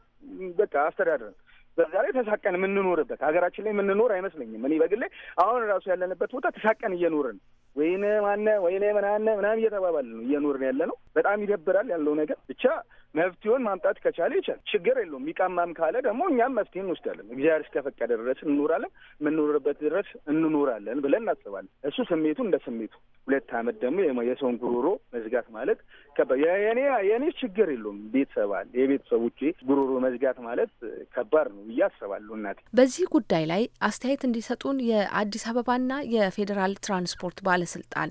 በቃ አስተዳደር በዛ ላይ ተሳቀን የምንኖርበት ሀገራችን ላይ የምንኖር አይመስለኝም። እኔ በግሌ አሁን ራሱ ያለንበት ቦታ ተሳቀን እየኖርን ወይኔ ማነ ወይኔ ምናነ ምናም እየተባባል ነው እየኖርን ያለ ነው። በጣም ይደብራል ያለው ነገር። ብቻ መፍትሄውን ማምጣት ከቻለ ይቻል ችግር የለውም። ሚቃማም ካለ ደግሞ እኛም መፍትሄ እንወስዳለን። እግዚአብሔር እስከፈቀደ ድረስ እንኖራለን፣ የምንኖርበት ድረስ እንኖራለን ብለን እናስባለን። እሱ ስሜቱ እንደ ስሜቱ። ሁለት ዓመት ደግሞ የሰውን ጉሮሮ መዝጋት ማለት ከባድ የኔ የኔ ችግር የለውም። ቤተሰባል አለ፣ ጉሮሮ መዝጋት ማለት ከባድ ነው ብዬ አስባለሁ። እናቴ በዚህ ጉዳይ ላይ አስተያየት እንዲሰጡን የአዲስ አበባና የፌዴራል ትራንስፖርት ባ ባለስልጣን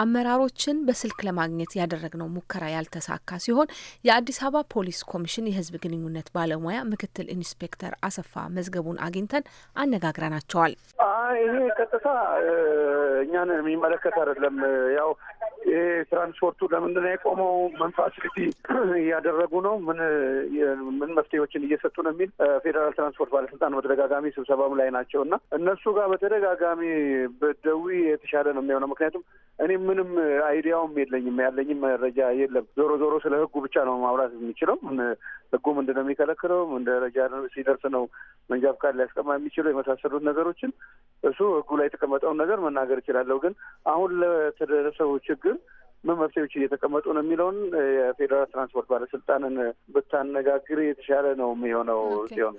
አመራሮችን በስልክ ለማግኘት ያደረግነው ሙከራ ያልተሳካ ሲሆን የአዲስ አበባ ፖሊስ ኮሚሽን የህዝብ ግንኙነት ባለሙያ ምክትል ኢንስፔክተር አሰፋ መዝገቡን አግኝተን አነጋግረናቸዋል። ይሄ ቀጥታ እኛን የሚመለከት አይደለም። ያው የትራንስፖርቱ ትራንስፖርቱ ለምንድን ነው የቆመው? ምን ፋሲሊቲ እያደረጉ ነው? ምን ምን መፍትሄዎችን እየሰጡ ነው የሚል ፌዴራል ትራንስፖርት ባለስልጣን በተደጋጋሚ ስብሰባም ላይ ናቸው እና እነሱ ጋር በተደጋጋሚ በደዊ የተሻለ ነው የሚሆነው። ምክንያቱም እኔ ምንም አይዲያውም የለኝም ያለኝም መረጃ የለም። ዞሮ ዞሮ ስለ ህጉ ብቻ ነው ማውራት የሚችለው ህጉ ምንድን ነው የሚከለክለው? ምን ደረጃ ሲደርስ ነው መንጃ ፍቃድ ሊያስቀማ የሚችለው? የመሳሰሉት ነገሮችን እሱ ህጉ ላይ የተቀመጠውን ነገር መናገር እችላለሁ። ግን አሁን ለተደረሰው ችግር ምን መፍትሄዎች እየተቀመጡ ነው የሚለውን የፌዴራል ትራንስፖርት ባለስልጣንን ብታነጋግር የተሻለ ነው የሚሆነው ሲሆን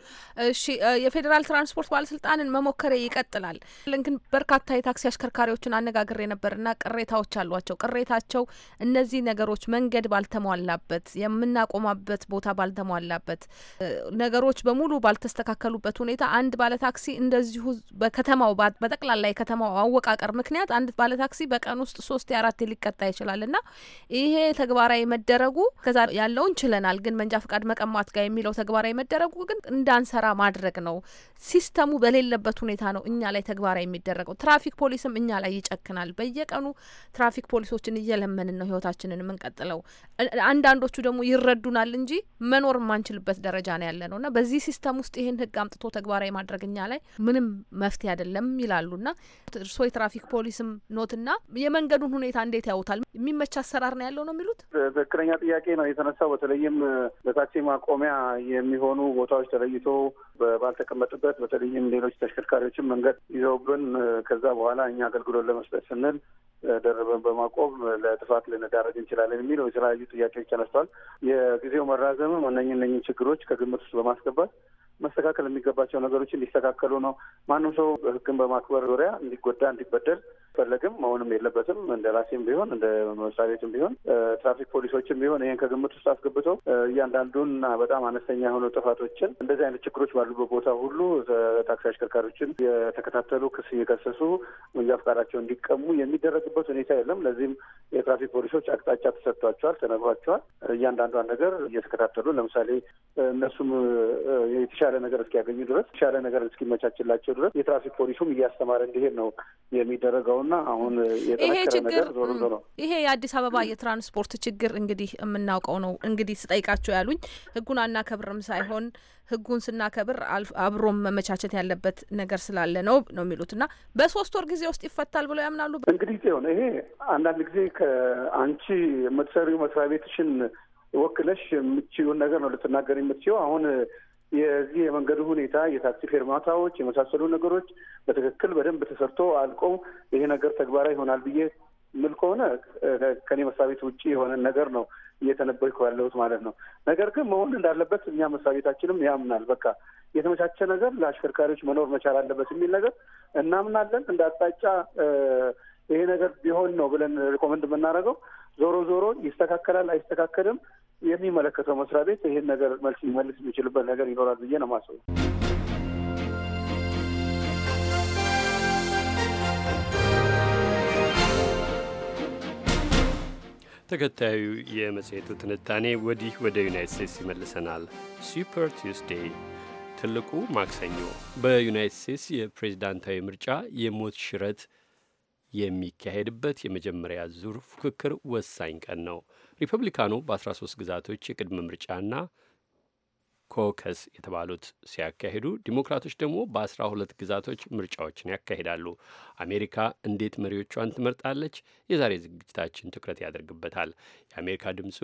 እሺ፣ የፌዴራል ትራንስፖርት ባለስልጣንን መሞከሬ ይቀጥላል። ግን በርካታ የታክሲ አሽከርካሪዎችን አነጋግሬ ነበርና ቅሬታዎች አሏቸው። ቅሬታቸው እነዚህ ነገሮች መንገድ ባልተሟላበት፣ የምናቆማበት ቦታ ባልተሟላበት፣ ነገሮች በሙሉ ባልተስተካከሉበት ሁኔታ አንድ ባለታክሲ እንደዚሁ በከተማው በጠቅላላ የከተማው አወቃቀር ምክንያት አንድ ባለታክሲ በቀን ውስጥ ሶስት የአራት ሊቀጣ ይችላል። ይችላልና ይሄ ተግባራዊ መደረጉ ከዛ ያለውን ችለናል፣ ግን መንጃ ፍቃድ መቀማት ጋር የሚለው ተግባራዊ መደረጉ ግን እንዳንሰራ ማድረግ ነው። ሲስተሙ በሌለበት ሁኔታ ነው እኛ ላይ ተግባራዊ የሚደረገው። ትራፊክ ፖሊስም እኛ ላይ ይጨክናል። በየቀኑ ትራፊክ ፖሊሶችን እየለመንን ነው ህይወታችንን የምንቀጥለው። አንዳንዶቹ ደግሞ ይረዱናል እንጂ መኖር የማንችልበት ደረጃ ነው ያለ ነው እና በዚህ ሲስተም ውስጥ ይህን ህግ አምጥቶ ተግባራዊ ማድረግ እኛ ላይ ምንም መፍትሄ አይደለም ይላሉ። ና እርስዎ የትራፊክ ፖሊስም ኖትና የመንገዱን ሁኔታ እንዴት ያውታል? የሚመች አሰራር ነው ያለው ነው የሚሉት። ትክክለኛ ጥያቄ ነው የተነሳው። በተለይም በታክሲ ማቆሚያ የሚሆኑ ቦታዎች ተለይቶ ባልተቀመጥበት፣ በተለይም ሌሎች ተሽከርካሪዎችን መንገድ ይዘውብን ከዛ በኋላ እኛ አገልግሎት ለመስጠት ስንል ደርበን በማቆም ለጥፋት ልንዳረግ እንችላለን የሚለው የተለያዩ ጥያቄዎች ተነስቷል። የጊዜው መራዘምም እነኝ እነኝን ችግሮች ከግምት ውስጥ በማስገባት መስተካከል የሚገባቸው ነገሮች እንዲስተካከሉ ነው። ማንም ሰው ህግን በማክበር ዙሪያ እንዲጎዳ እንዲበደል ፈለግም መሆንም የለበትም። እንደ ላሴም ቢሆን እንደ መስሪያ ቤትም ቢሆን ትራፊክ ፖሊሶችም ቢሆን ይህን ከግምት ውስጥ አስገብተው እያንዳንዱና በጣም አነስተኛ የሆኑ ጥፋቶችን እንደዚህ አይነት ችግሮች ባሉበት ቦታ ሁሉ ታክሲ አሽከርካሪዎችን የተከታተሉ ክስ እየከሰሱ መንጃ ፈቃዳቸው እንዲቀሙ የሚደረግበት ሁኔታ የለም። ለዚህም የትራፊክ ፖሊሶች አቅጣጫ ተሰጥቷቸዋል፣ ተነግሯቸዋል። እያንዳንዷን ነገር እየተከታተሉ ለምሳሌ እነሱም የተሻለ ነገር እስኪያገኙ ድረስ የተሻለ ነገር እስኪመቻችላቸው ድረስ የትራፊክ ፖሊሱም እያስተማረ እንዲሄድ ነው የሚደረገውና አሁን የጠነከረ ነገር ዞሮ ዞሮ ይሄ የአዲስ አበባ የትራንስፖርት ችግር እንግዲህ የምናውቀው ነው። እንግዲህ ስጠይቃቸው ያሉኝ ህጉን አናከብርም ሳይሆን ህጉን ስናከብር አብሮም መመቻቸት ያለበት ነገር ስላለ ነው ነው የሚሉት እና በሶስት ወር ጊዜ ውስጥ ይፈታል ብለው ያምናሉ። እንግዲህ ሆነ ይሄ አንዳንድ ጊዜ ከአንቺ የምትሰሪው መስሪያ ቤትሽን ወክለሽ የምችውን ነገር ነው ልትናገር የምትችው አሁን የዚህ የመንገዱ ሁኔታ የታክሲ ፌርማታዎች የመሳሰሉ ነገሮች በትክክል በደንብ ተሰርቶ አልቆ ይሄ ነገር ተግባራዊ ይሆናል ብዬ ምል ከሆነ ከኔ መስሪያ ቤት ውጭ የሆነ ነገር ነው እየተነበይኩ ያለሁት ማለት ነው። ነገር ግን መሆን እንዳለበት እኛ መስሪያ ቤታችንም ያምናል። በቃ የተመቻቸ ነገር ለአሽከርካሪዎች መኖር መቻል አለበት የሚል ነገር እናምናለን። እንደ አቅጣጫ ይሄ ነገር ቢሆን ነው ብለን ሪኮመንድ የምናደርገው። ዞሮ ዞሮ ይስተካከላል አይስተካከልም የሚመለከተው መስሪያ ቤት ይህን ነገር መልስ ሊመልስ የሚችልበት ነገር ይኖራል ብዬ ነው የማስበው። ተከታዩ የመጽሔቱ ትንታኔ ወዲህ ወደ ዩናይት ስቴትስ ይመልሰናል። ሱፐር ቱስዴይ ትልቁ ማክሰኞ በዩናይት ስቴትስ የፕሬዚዳንታዊ ምርጫ የሞት ሽረት የሚካሄድበት የመጀመሪያ ዙር ፉክክር ወሳኝ ቀን ነው። ሪፐብሊካኑ በ13 ግዛቶች የቅድመ ምርጫና ኮከስ የተባሉት ሲያካሂዱ ዲሞክራቶች ደግሞ በ ሁለት ግዛቶች ምርጫዎችን ያካሂዳሉ። አሜሪካ እንዴት መሪዎቿን ትመርጣለች? የዛሬ ዝግጅታችን ትኩረት ያደርግበታል። የአሜሪካ ድምፁ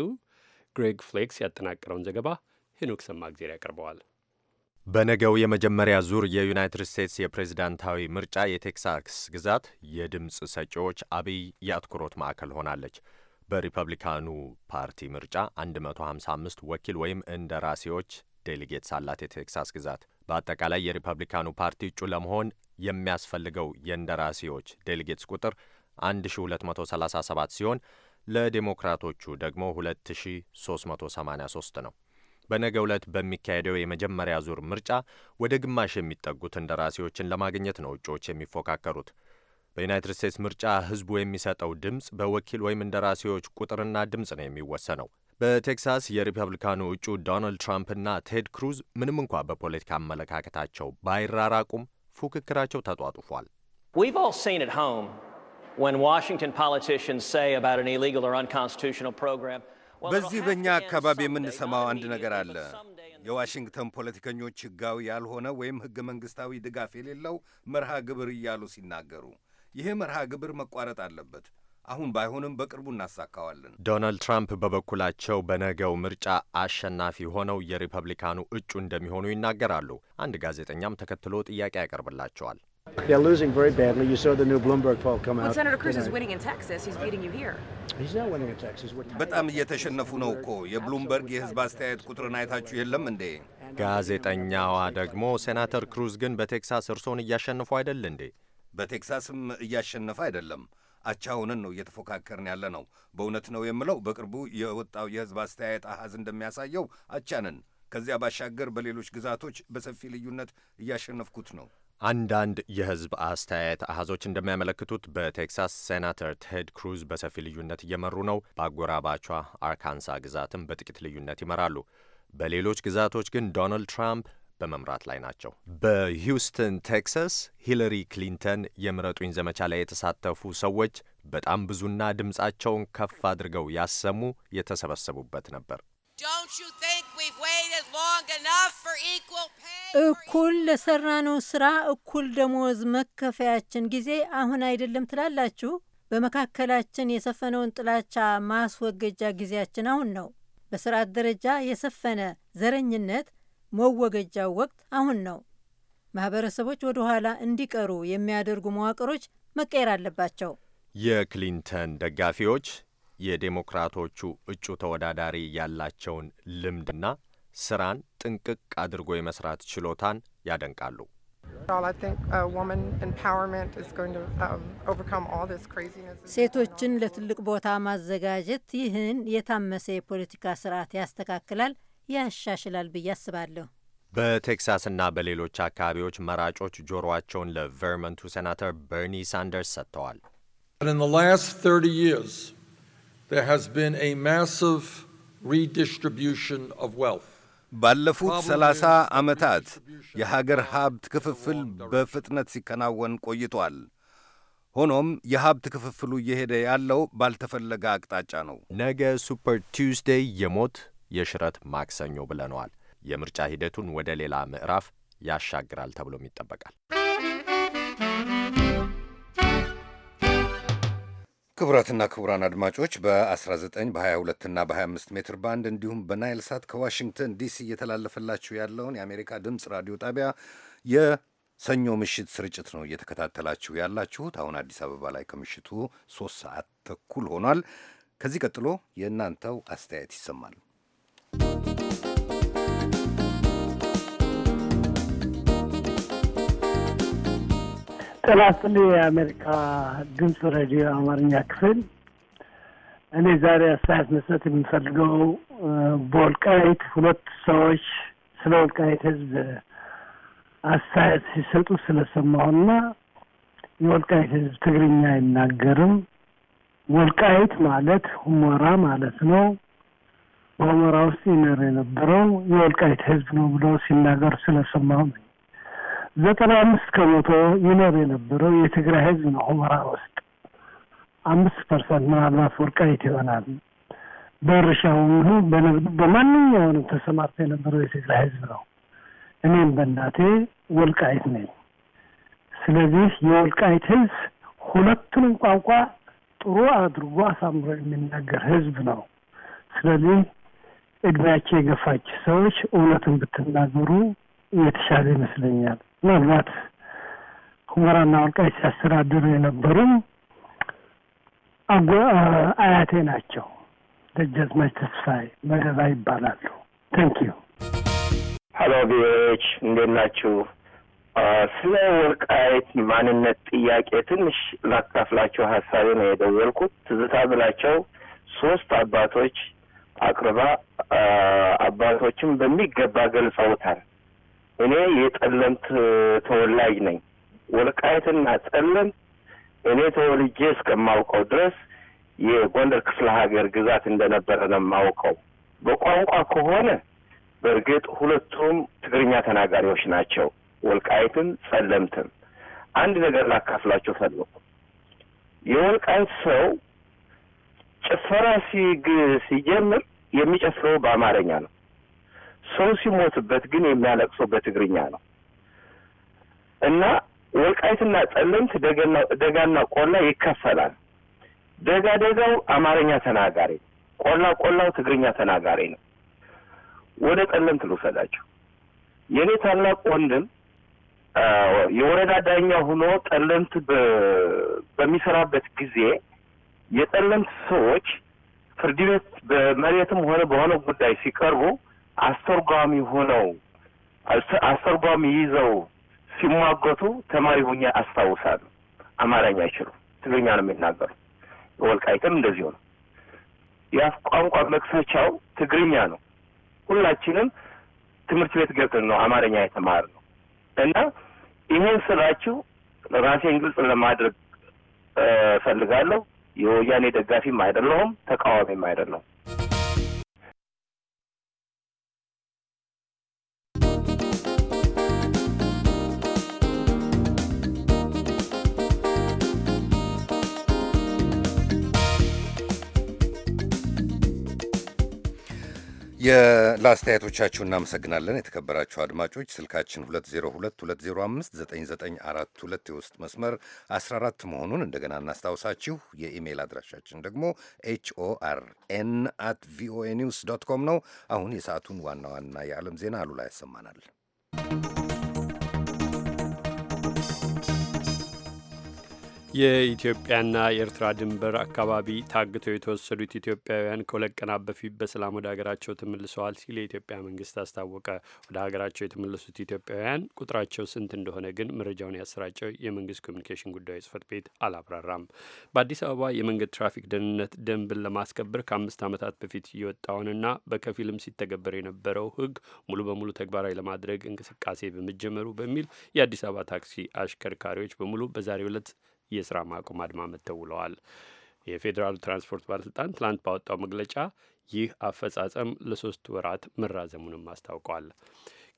ግሬግ ፍሌክስ ያጠናቀረውን ዘገባ ሄኖክ ሰማግዜር ያቀርበዋል። በነገው የመጀመሪያ ዙር የዩናይትድ ስቴትስ የፕሬዝዳንታዊ ምርጫ የቴክሳስ ግዛት የድምፅ ሰጪዎች አብይ የአትኩሮት ማዕከል ሆናለች። በሪፐብሊካኑ ፓርቲ ምርጫ 155 ወኪል ወይም ራሴዎች ዴሊጌትስ አላት የቴክሳስ ግዛት። በአጠቃላይ የሪፐብሊካኑ ፓርቲ እጩ ለመሆን የሚያስፈልገው የእንደራሴዎች ዴሊጌትስ ቁጥር 1237 ሲሆን ለዴሞክራቶቹ ደግሞ 2383 ነው። በነገ ዕለት በሚካሄደው የመጀመሪያ ዙር ምርጫ ወደ ግማሽ የሚጠጉት እንደራሴዎችን ለማግኘት ነው እጩዎች የሚፎካከሩት። በዩናይትድ ስቴትስ ምርጫ ህዝቡ የሚሰጠው ድምፅ በወኪል ወይም እንደራሴዎች ቁጥርና ድምፅ ነው የሚወሰነው። በቴክሳስ የሪፐብሊካኑ እጩ ዶናልድ ትራምፕና ቴድ ክሩዝ ምንም እንኳ በፖለቲካ አመለካከታቸው ባይራራቁም ፉክክራቸው ተጧጡፏል። በዚህ በእኛ አካባቢ የምንሰማው አንድ ነገር አለ። የዋሽንግተን ፖለቲከኞች ህጋዊ ያልሆነ ወይም ህገ መንግስታዊ ድጋፍ የሌለው መርሃ ግብር እያሉ ሲናገሩ ይሄ መርሃ ግብር መቋረጥ አለበት። አሁን ባይሆንም በቅርቡ እናሳካዋለን። ዶናልድ ትራምፕ በበኩላቸው በነገው ምርጫ አሸናፊ ሆነው የሪፐብሊካኑ እጩ እንደሚሆኑ ይናገራሉ። አንድ ጋዜጠኛም ተከትሎ ጥያቄ ያቀርብላቸዋል። በጣም እየተሸነፉ ነው እኮ የብሉምበርግ የህዝብ አስተያየት ቁጥርን አይታችሁ የለም እንዴ? ጋዜጠኛዋ ደግሞ ሴናተር ክሩዝ ግን በቴክሳስ እርሶን እያሸንፉ አይደል እንዴ? በቴክሳስም እያሸነፈ አይደለም። አቻውንን ነው እየተፎካከርን ያለ ነው። በእውነት ነው የምለው በቅርቡ የወጣው የህዝብ አስተያየት አሀዝ እንደሚያሳየው አቻንን። ከዚያ ባሻገር በሌሎች ግዛቶች በሰፊ ልዩነት እያሸነፍኩት ነው። አንዳንድ የህዝብ አስተያየት አሃዞች እንደሚያመለክቱት በቴክሳስ ሴናተር ቴድ ክሩዝ በሰፊ ልዩነት እየመሩ ነው። በአጎራባቿ አርካንሳ ግዛትም በጥቂት ልዩነት ይመራሉ። በሌሎች ግዛቶች ግን ዶናልድ ትራምፕ በመምራት ላይ ናቸው። በሂውስተን ቴክሳስ፣ ሂለሪ ክሊንተን የምረጡኝ ዘመቻ ላይ የተሳተፉ ሰዎች በጣም ብዙና ድምፃቸውን ከፍ አድርገው ያሰሙ የተሰበሰቡበት ነበር። እኩል ለሰራነው ስራ እኩል ደሞዝ መከፈያችን ጊዜ አሁን አይደለም ትላላችሁ? በመካከላችን የሰፈነውን ጥላቻ ማስወገጃ ጊዜያችን አሁን ነው። በስርዓት ደረጃ የሰፈነ ዘረኝነት መወገጃው ወቅት አሁን ነው። ማህበረሰቦች ወደ ኋላ እንዲቀሩ የሚያደርጉ መዋቅሮች መቀየር አለባቸው። የክሊንተን ደጋፊዎች የዴሞክራቶቹ እጩ ተወዳዳሪ ያላቸውን ልምድና ስራን ጥንቅቅ አድርጎ የመስራት ችሎታን ያደንቃሉ። um, ሴቶችን ለትልቅ ቦታ ማዘጋጀት ይህን የታመሰ የፖለቲካ ስርዓት ያስተካክላል፣ ያሻሽላል ብዬ አስባለሁ። በቴክሳስና በሌሎች አካባቢዎች መራጮች ጆሮአቸውን ለቨርመንቱ ሴናተር በርኒ ሳንደርስ ሰጥተዋል። ባለፉት ሰላሳ ዓመታት የሀገር ሀብት ክፍፍል በፍጥነት ሲከናወን ቆይቷል። ሆኖም የሀብት ክፍፍሉ እየሄደ ያለው ባልተፈለገ አቅጣጫ ነው። ነገ ሱፐር ቱስዴይ የሞት የሽረት ማክሰኞ ብለነዋል። የምርጫ ሂደቱን ወደ ሌላ ምዕራፍ ያሻግራል ተብሎም ይጠበቃል። ክቡራትና ክቡራን አድማጮች በ19 በ22 እና በ25 ሜትር ባንድ እንዲሁም በናይል ሳት ከዋሽንግተን ዲሲ እየተላለፈላችሁ ያለውን የአሜሪካ ድምፅ ራዲዮ ጣቢያ የሰኞ ምሽት ስርጭት ነው እየተከታተላችሁ ያላችሁት። አሁን አዲስ አበባ ላይ ከምሽቱ ሶስት ሰዓት ተኩል ሆኗል። ከዚህ ቀጥሎ የእናንተው አስተያየት ይሰማል። ጤና ይስጥልኝ የአሜሪካ ድምፅ ሬዲዮ አማርኛ ክፍል። እኔ ዛሬ አስተያየት መስጠት የምፈልገው በወልቃይት ሁለት ሰዎች ስለ ወልቃይት ሕዝብ አስተያየት ሲሰጡ ስለሰማሁና የወልቃይት ሕዝብ ትግርኛ አይናገርም። ወልቃይት ማለት ሁመራ ማለት ነው። በሁመራ ውስጥ ይኖር የነበረው የወልቃይት ሕዝብ ነው ብለው ሲናገር ስለሰማሁ ነው። ዘጠና አምስት ከመቶ ይኖር የነበረው የትግራይ ህዝብ ነው። ሁመራ ውስጥ አምስት ፐርሰንት ምናልባት ወልቃይት ይሆናል። በእርሻው ሁሉ በንግዱ በማንኛውንም ተሰማርተ የነበረው የትግራይ ህዝብ ነው። እኔም በእናቴ ወልቃይት ነኝ። ስለዚህ የወልቃይት ህዝብ ሁለቱንም ቋንቋ ጥሩ አድርጎ አሳምሮ የሚናገር ህዝብ ነው። ስለዚህ እድሜያቸው የገፋች ሰዎች እውነትን ብትናገሩ የተሻለ ይመስለኛል። ምናልባት ሁመራና ወልቃይት ሲያስተዳድሩ የነበሩ አያቴ ናቸው። ደጃዝማች ተስፋዬ መደባ ይባላሉ። ዩ ሀሎ ቪዎች እንዴት ናችሁ? ስለ ወልቃይት ማንነት ጥያቄ ትንሽ ላካፍላችሁ ሀሳቤ ነው የደወልኩት። ትዝታ ብላቸው ሶስት አባቶች አቅርባ አባቶችም በሚገባ ገልጸውታል። እኔ የጠለምት ተወላጅ ነኝ። ወልቃይትና ጠለምት እኔ ተወልጄ እስከማውቀው ድረስ የጎንደር ክፍለ ሀገር ግዛት እንደነበረ ነው የማውቀው። በቋንቋ ከሆነ በእርግጥ ሁለቱም ትግርኛ ተናጋሪዎች ናቸው፣ ወልቃይትም ጸለምትም። አንድ ነገር ላካፍላቸው ፈለኩ። የወልቃይት ሰው ጭፈራ ሲግ ሲጀምር የሚጨፍረው በአማርኛ ነው። ሰው ሲሞትበት ግን የሚያለቅሰው በትግርኛ ነው እና ወልቃይትና ጠለምት ደጋና ቆላ ይከፈላል። ደጋ ደጋው አማርኛ ተናጋሪ፣ ቆላ ቆላው ትግርኛ ተናጋሪ ነው። ወደ ጠለምት ልውሰዳችሁ። የእኔ ታላቅ ወንድም የወረዳ ዳኛ ሆኖ ጠለምት በሚሰራበት ጊዜ የጠለምት ሰዎች ፍርድ ቤት በመሬትም ሆነ በሆነ ጉዳይ ሲቀርቡ አስተርጓሚ ሆነው አስተርጓሚ ይዘው ሲሟገቱ ተማሪ ሁኜ አስታውሳለሁ። አማርኛ አይችሉም፣ ትግርኛ ነው የሚናገሩ። የወልቃይትም እንደዚሁ ነው። የአፍ ቋንቋ መክፈቻው ትግርኛ ነው። ሁላችንም ትምህርት ቤት ገብተን ነው አማርኛ የተማርነው እና ይህን ስላችሁ ራሴን ግልጽ ለማድረግ እፈልጋለሁ። የወያኔ ደጋፊም አይደለሁም፣ ተቃዋሚም አይደለሁም። ለአስተያየቶቻችሁ እናመሰግናለን። የተከበራችሁ አድማጮች ስልካችን 2022059942 የውስጥ መስመር 14 መሆኑን እንደገና እናስታውሳችሁ። የኢሜይል አድራሻችን ደግሞ ኤን አት ቪኦኤ ኒውስ ዶት ኮም ነው። አሁን የሰዓቱን ዋና ዋና የዓለም ዜና አሉላ ያሰማናል። የኢትዮጵያና የኤርትራ ድንበር አካባቢ ታግተው የተወሰዱት ኢትዮጵያውያን ከሁለት ቀናት በፊት በሰላም ወደ ሀገራቸው ተመልሰዋል ሲል የኢትዮጵያ መንግስት አስታወቀ። ወደ ሀገራቸው የተመለሱት ኢትዮጵያውያን ቁጥራቸው ስንት እንደሆነ ግን መረጃውን ያሰራጨው የመንግስት ኮሚኒኬሽን ጉዳዮች ጽህፈት ቤት አላብራራም። በአዲስ አበባ የመንገድ ትራፊክ ደህንነት ደንብን ለማስከበር ከአምስት ዓመታት በፊት የወጣውንና በከፊልም ሲተገበር የነበረው ህግ ሙሉ በሙሉ ተግባራዊ ለማድረግ እንቅስቃሴ በመጀመሩ በሚል የአዲስ አበባ ታክሲ አሽከርካሪዎች በሙሉ በዛሬው ዕለት የስራ ማቆም አድማ ተውለዋል። የፌዴራሉ ትራንስፖርት ባለስልጣን ትላንት ባወጣው መግለጫ ይህ አፈጻጸም ለሶስት ወራት መራዘሙንም አስታውቋል።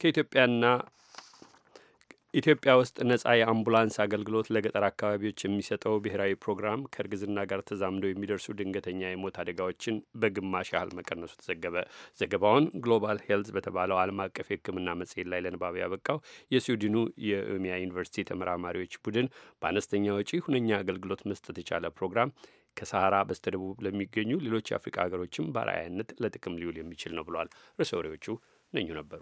ከኢትዮጵያና ኢትዮጵያ ውስጥ ነጻ የአምቡላንስ አገልግሎት ለገጠር አካባቢዎች የሚሰጠው ብሔራዊ ፕሮግራም ከእርግዝና ጋር ተዛምዶ የሚደርሱ ድንገተኛ የሞት አደጋዎችን በግማሽ ያህል መቀነሱ ተዘገበ። ዘገባውን ግሎባል ሄልዝ በተባለው ዓለም አቀፍ የሕክምና መጽሔት ላይ ለንባብ ያበቃው የስዊድኑ የኦሚያ ዩኒቨርሲቲ ተመራማሪዎች ቡድን በአነስተኛ ወጪ ሁነኛ አገልግሎት መስጠት የቻለ ፕሮግራም ከሰሃራ በስተደቡብ ለሚገኙ ሌሎች የአፍሪካ ሀገሮችም በአርአያነት ለጥቅም ሊውል የሚችል ነው ብሏል። ርዕሰ ወሬዎቹ ነኙ ነበሩ።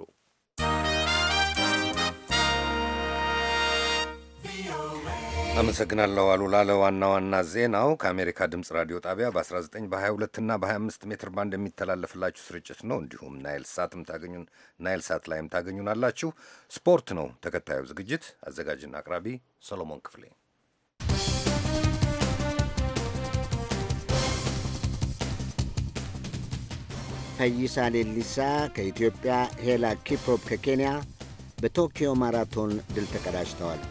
አመሰግናለሁ አሉላ። ለዋና ዋና ዜናው ከአሜሪካ ድምፅ ራዲዮ ጣቢያ በ19 በ22 እና በ25 ሜትር ባንድ የሚተላለፍላችሁ ስርጭት ነው። እንዲሁም ናይል ሳትም ታገኙን ናይል ሳት ላይም ታገኙናላችሁ። ስፖርት ነው ተከታዩ ዝግጅት። አዘጋጅና አቅራቢ ሰሎሞን ክፍሌ። ፈይሳ ሌሊሳ ከኢትዮጵያ፣ ሄላ ኪፕሮፕ ከኬንያ በቶኪዮ ማራቶን ድል ተቀዳጅተዋል።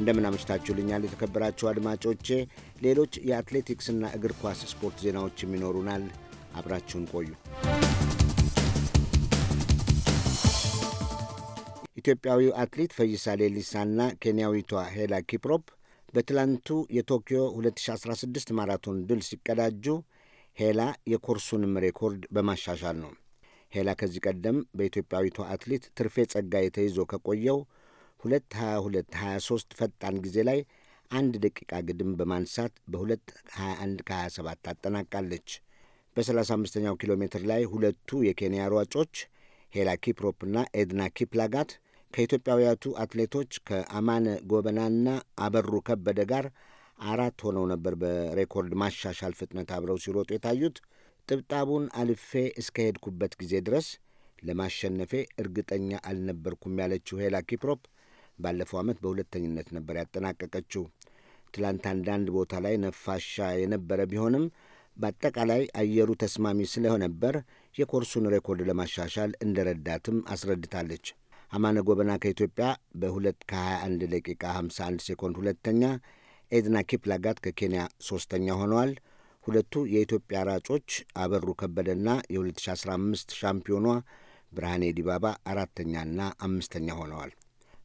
እንደምን አመሽታችሁልኛል የተከበራችሁ አድማጮቼ። ሌሎች የአትሌቲክስና እግር ኳስ ስፖርት ዜናዎችም ይኖሩናል። አብራችሁን ቆዩ። ኢትዮጵያዊው አትሌት ፈይሳ ሌሊሳና ኬንያዊቷ ሄላ ኪፕሮፕ በትላንቱ የቶኪዮ 2016 ማራቶን ድል ሲቀዳጁ ሄላ የኮርሱንም ሬኮርድ በማሻሻል ነው። ሄላ ከዚህ ቀደም በኢትዮጵያዊቷ አትሌት ትርፌ ጸጋዬ ተይዞ ከቆየው 2223 ፈጣን ጊዜ ላይ አንድ ደቂቃ ግድም በማንሳት በ 2 ከ27 ታጠናቃለች። በ35ኛው ኪሎ ሜትር ላይ ሁለቱ የኬንያ ሯጮች ሄላ ኪፕሮፕና ኤድና ኪፕላጋት ከኢትዮጵያውያቱ አትሌቶች ከአማነ ጎበናና አበሩ ከበደ ጋር አራት ሆነው ነበር በሬኮርድ ማሻሻል ፍጥነት አብረው ሲሮጡ የታዩት። ጥብጣቡን አልፌ እስከ ሄድኩበት ጊዜ ድረስ ለማሸነፌ እርግጠኛ አልነበርኩም ያለችው ሄላ ኪፕሮፕ ባለፈው ዓመት በሁለተኝነት ነበር ያጠናቀቀችው። ትላንት አንዳንድ ቦታ ላይ ነፋሻ የነበረ ቢሆንም በአጠቃላይ አየሩ ተስማሚ ስለነበር የኮርሱን ሬኮርድ ለማሻሻል እንደረዳትም አስረድታለች። አማነ ጎበና ከኢትዮጵያ በ2 ከ21 ደቂቃ 51 ሴኮንድ ሁለተኛ፣ ኤድና ኪፕላጋት ከኬንያ ሦስተኛ ሆነዋል። ሁለቱ የኢትዮጵያ ራጮች አበሩ ከበደና የ2015 ሻምፒዮኗ ብርሃኔ ዲባባ አራተኛና አምስተኛ ሆነዋል።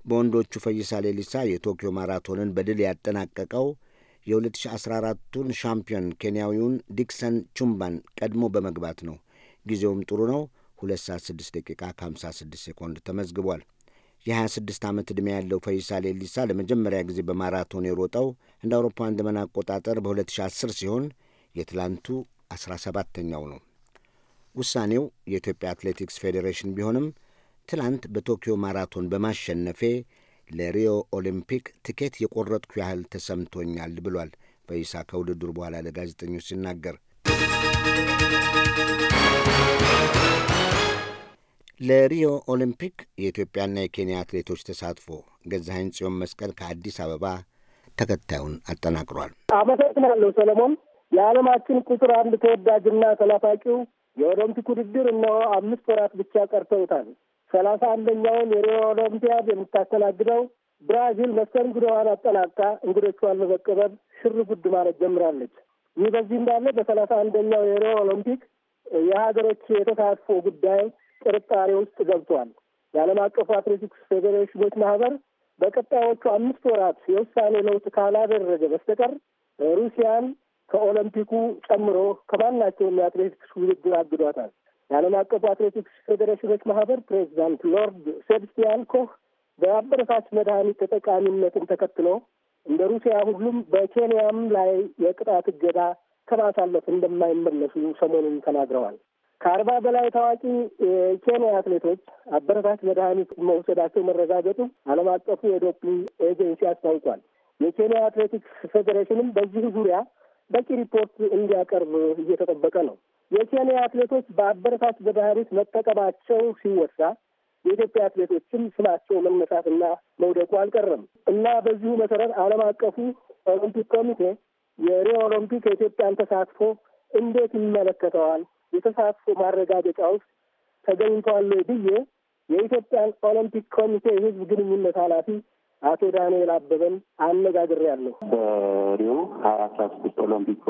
በወንዶቹ ፈይሳ ሌሊሳ የቶኪዮ ማራቶንን በድል ያጠናቀቀው የ2014ቱን ሻምፒዮን ኬንያዊውን ዲክሰን ቹምባን ቀድሞ በመግባት ነው። ጊዜውም ጥሩ ነው። 2 ሰዓት 6 ደቂቃ ከ56 ሴኮንድ ተመዝግቧል። የ26 ዓመት ዕድሜ ያለው ፈይሳ ሌሊሳ ለመጀመሪያ ጊዜ በማራቶን የሮጠው እንደ አውሮፓውያን ዘመን አቆጣጠር በ2010 ሲሆን የትላንቱ 17ተኛው ነው። ውሳኔው የኢትዮጵያ አትሌቲክስ ፌዴሬሽን ቢሆንም ትላንት በቶኪዮ ማራቶን በማሸነፌ ለሪዮ ኦሊምፒክ ትኬት የቆረጥኩ ያህል ተሰምቶኛል ብሏል ፈይሳ ከውድድሩ በኋላ ለጋዜጠኞች ሲናገር። ለሪዮ ኦሊምፒክ የኢትዮጵያና የኬንያ አትሌቶች ተሳትፎ ገዛኸኝ ጽዮን መስቀል ከአዲስ አበባ ተከታዩን አጠናቅሯል። አመሰግናለሁ ሰለሞን። የዓለማችን ቁጥር አንድ ተወዳጅና ተላፋቂው የኦሎምፒክ ውድድር እነሆ አምስት ወራት ብቻ ቀርተውታል። ሰላሳ አንደኛውን የሪዮ ኦሎምፒያድ የምታስተናግደው ብራዚል መስተንግዶዋን አጠናቃ እንግዶቿን ለመቀበል ሽር ጉድ ማለት ጀምራለች። ይህ በዚህ እንዳለ በሰላሳ አንደኛው የሪዮ ኦሎምፒክ የሀገሮች የተሳትፎ ጉዳይ ጥርጣሬ ውስጥ ገብቷል። የዓለም አቀፉ አትሌቲክስ ፌዴሬሽኖች ማህበር በቀጣዮቹ አምስት ወራት የውሳኔ ለውጥ ካላደረገ በስተቀር ሩሲያን ከኦሎምፒኩ ጨምሮ ከማናቸውም የአትሌቲክስ ውድድር አግዷታል። የዓለም አቀፉ አትሌቲክስ ፌዴሬሽኖች ማህበር ፕሬዚዳንት ሎርድ ሴብስቲያን ኮህ በአበረታች መድኃኒት ተጠቃሚነትን ተከትሎ እንደ ሩሲያ ሁሉም በኬንያም ላይ የቅጣት እገዳ ከማሳለፍ እንደማይመለሱ ሰሞኑን ተናግረዋል። ከአርባ በላይ ታዋቂ የኬንያ አትሌቶች አበረታች መድኃኒት መውሰዳቸው መረጋገጡ ዓለም አቀፉ የዶፒንግ ኤጀንሲ አስታውቋል። የኬንያ አትሌቲክስ ፌዴሬሽንም በዚህ ዙሪያ በቂ ሪፖርት እንዲያቀርብ እየተጠበቀ ነው። የኬንያ አትሌቶች በአበረታች በባህሪት መጠቀማቸው ሲወሳ የኢትዮጵያ አትሌቶችም ስማቸው መነሳትና መውደቁ አልቀረም እና በዚሁ መሰረት ዓለም አቀፉ ኦሎምፒክ ኮሚቴ የሪዮ ኦሎምፒክ የኢትዮጵያን ተሳትፎ እንዴት ይመለከተዋል? የተሳትፎ ማረጋገጫ ውስጥ ተገኝቷል ብዬ የኢትዮጵያን ኦሎምፒክ ኮሚቴ የሕዝብ ግንኙነት ኃላፊ አቶ ዳንኤል አበበን አነጋግሬያለሁ። በሪዮ ሀያ አስራ ስድስት ኦሎምፒክ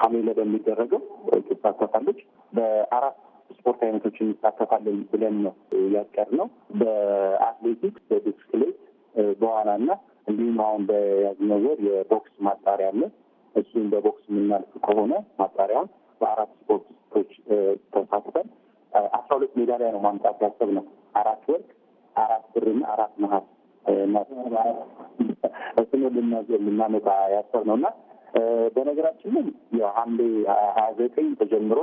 ሐምሌ በሚደረገው ኢትዮጵያ አስተፋለች በአራት ስፖርት አይነቶች እንሳተፋለን ብለን ነው ያቀር ያቀርነው። በአትሌቲክስ፣ በብስክሌት፣ በዋናና እንዲሁም አሁን በያዝነው ወር የቦክስ ማጣሪያ አለ። እሱም በቦክስ የምናልፍ ከሆነ ማጣሪያውን በአራት ስፖርቶች ተሳትፈን አስራ ሁለት ሜዳሊያ ነው ማምጣት ያሰብ ነው። አራት ወርቅ፣ አራት ብርና አራት መሀል እሱን ልናመጣ ያሰብ ነው እና በነገራችን ላይ የሐምሌ ሀያ ዘጠኝ ተጀምሮ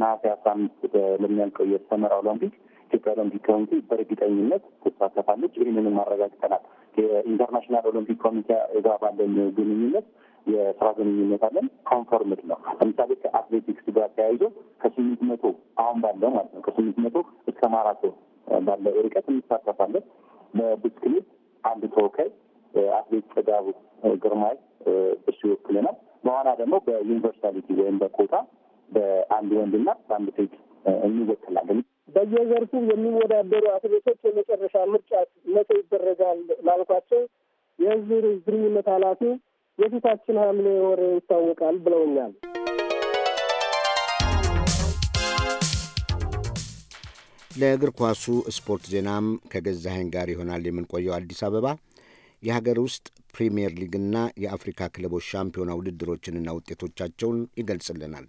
ነሐሴ አስራ አምስት ለሚያልቀው የሰመራ ኦሎምፒክ ኢትዮጵያ ኦሎምፒክ ኮሚቴ በእርግጠኝነት ትሳተፋለች። ይህንንም ማረጋግጠናል። የኢንተርናሽናል ኦሎምፒክ ኮሚቴ ጋር ባለን ግንኙነት የስራ ግንኙነት አለን። ኮንፈርምድ ነው። ለምሳሌ ከአትሌቲክስ ጋር ተያይዞ ከስምንት መቶ አሁን ባለው ማለት ነው ከስምንት መቶ እስከ ማራቶን ባለው ርቀት እንሳተፋለን። በብስክሌት አንድ ተወካይ አትሌት ጥጋቡ ግርማይ እሱ ይወክልናል። በኋላ ደግሞ በዩኒቨርሳሊቲ ወይም በኮታ በአንድ ወንድና በአንድ ሴት እንወክላለን። በየዘርፉ የሚወዳደሩ አትሌቶች የመጨረሻ ምርጫ መቼ ይደረጋል ላልኳቸው የህዝብ ግንኙነት ኃላፊ የፊታችን ሐምሌ ወር ይታወቃል ብለውኛል። ለእግር ኳሱ ስፖርት ዜናም ከገዛኸኝ ጋር ይሆናል የምንቆየው። አዲስ አበባ የሀገር ውስጥ ፕሪምየር ሊግና የአፍሪካ ክለቦች ሻምፒዮና ውድድሮችንና ውጤቶቻቸውን ይገልጽልናል።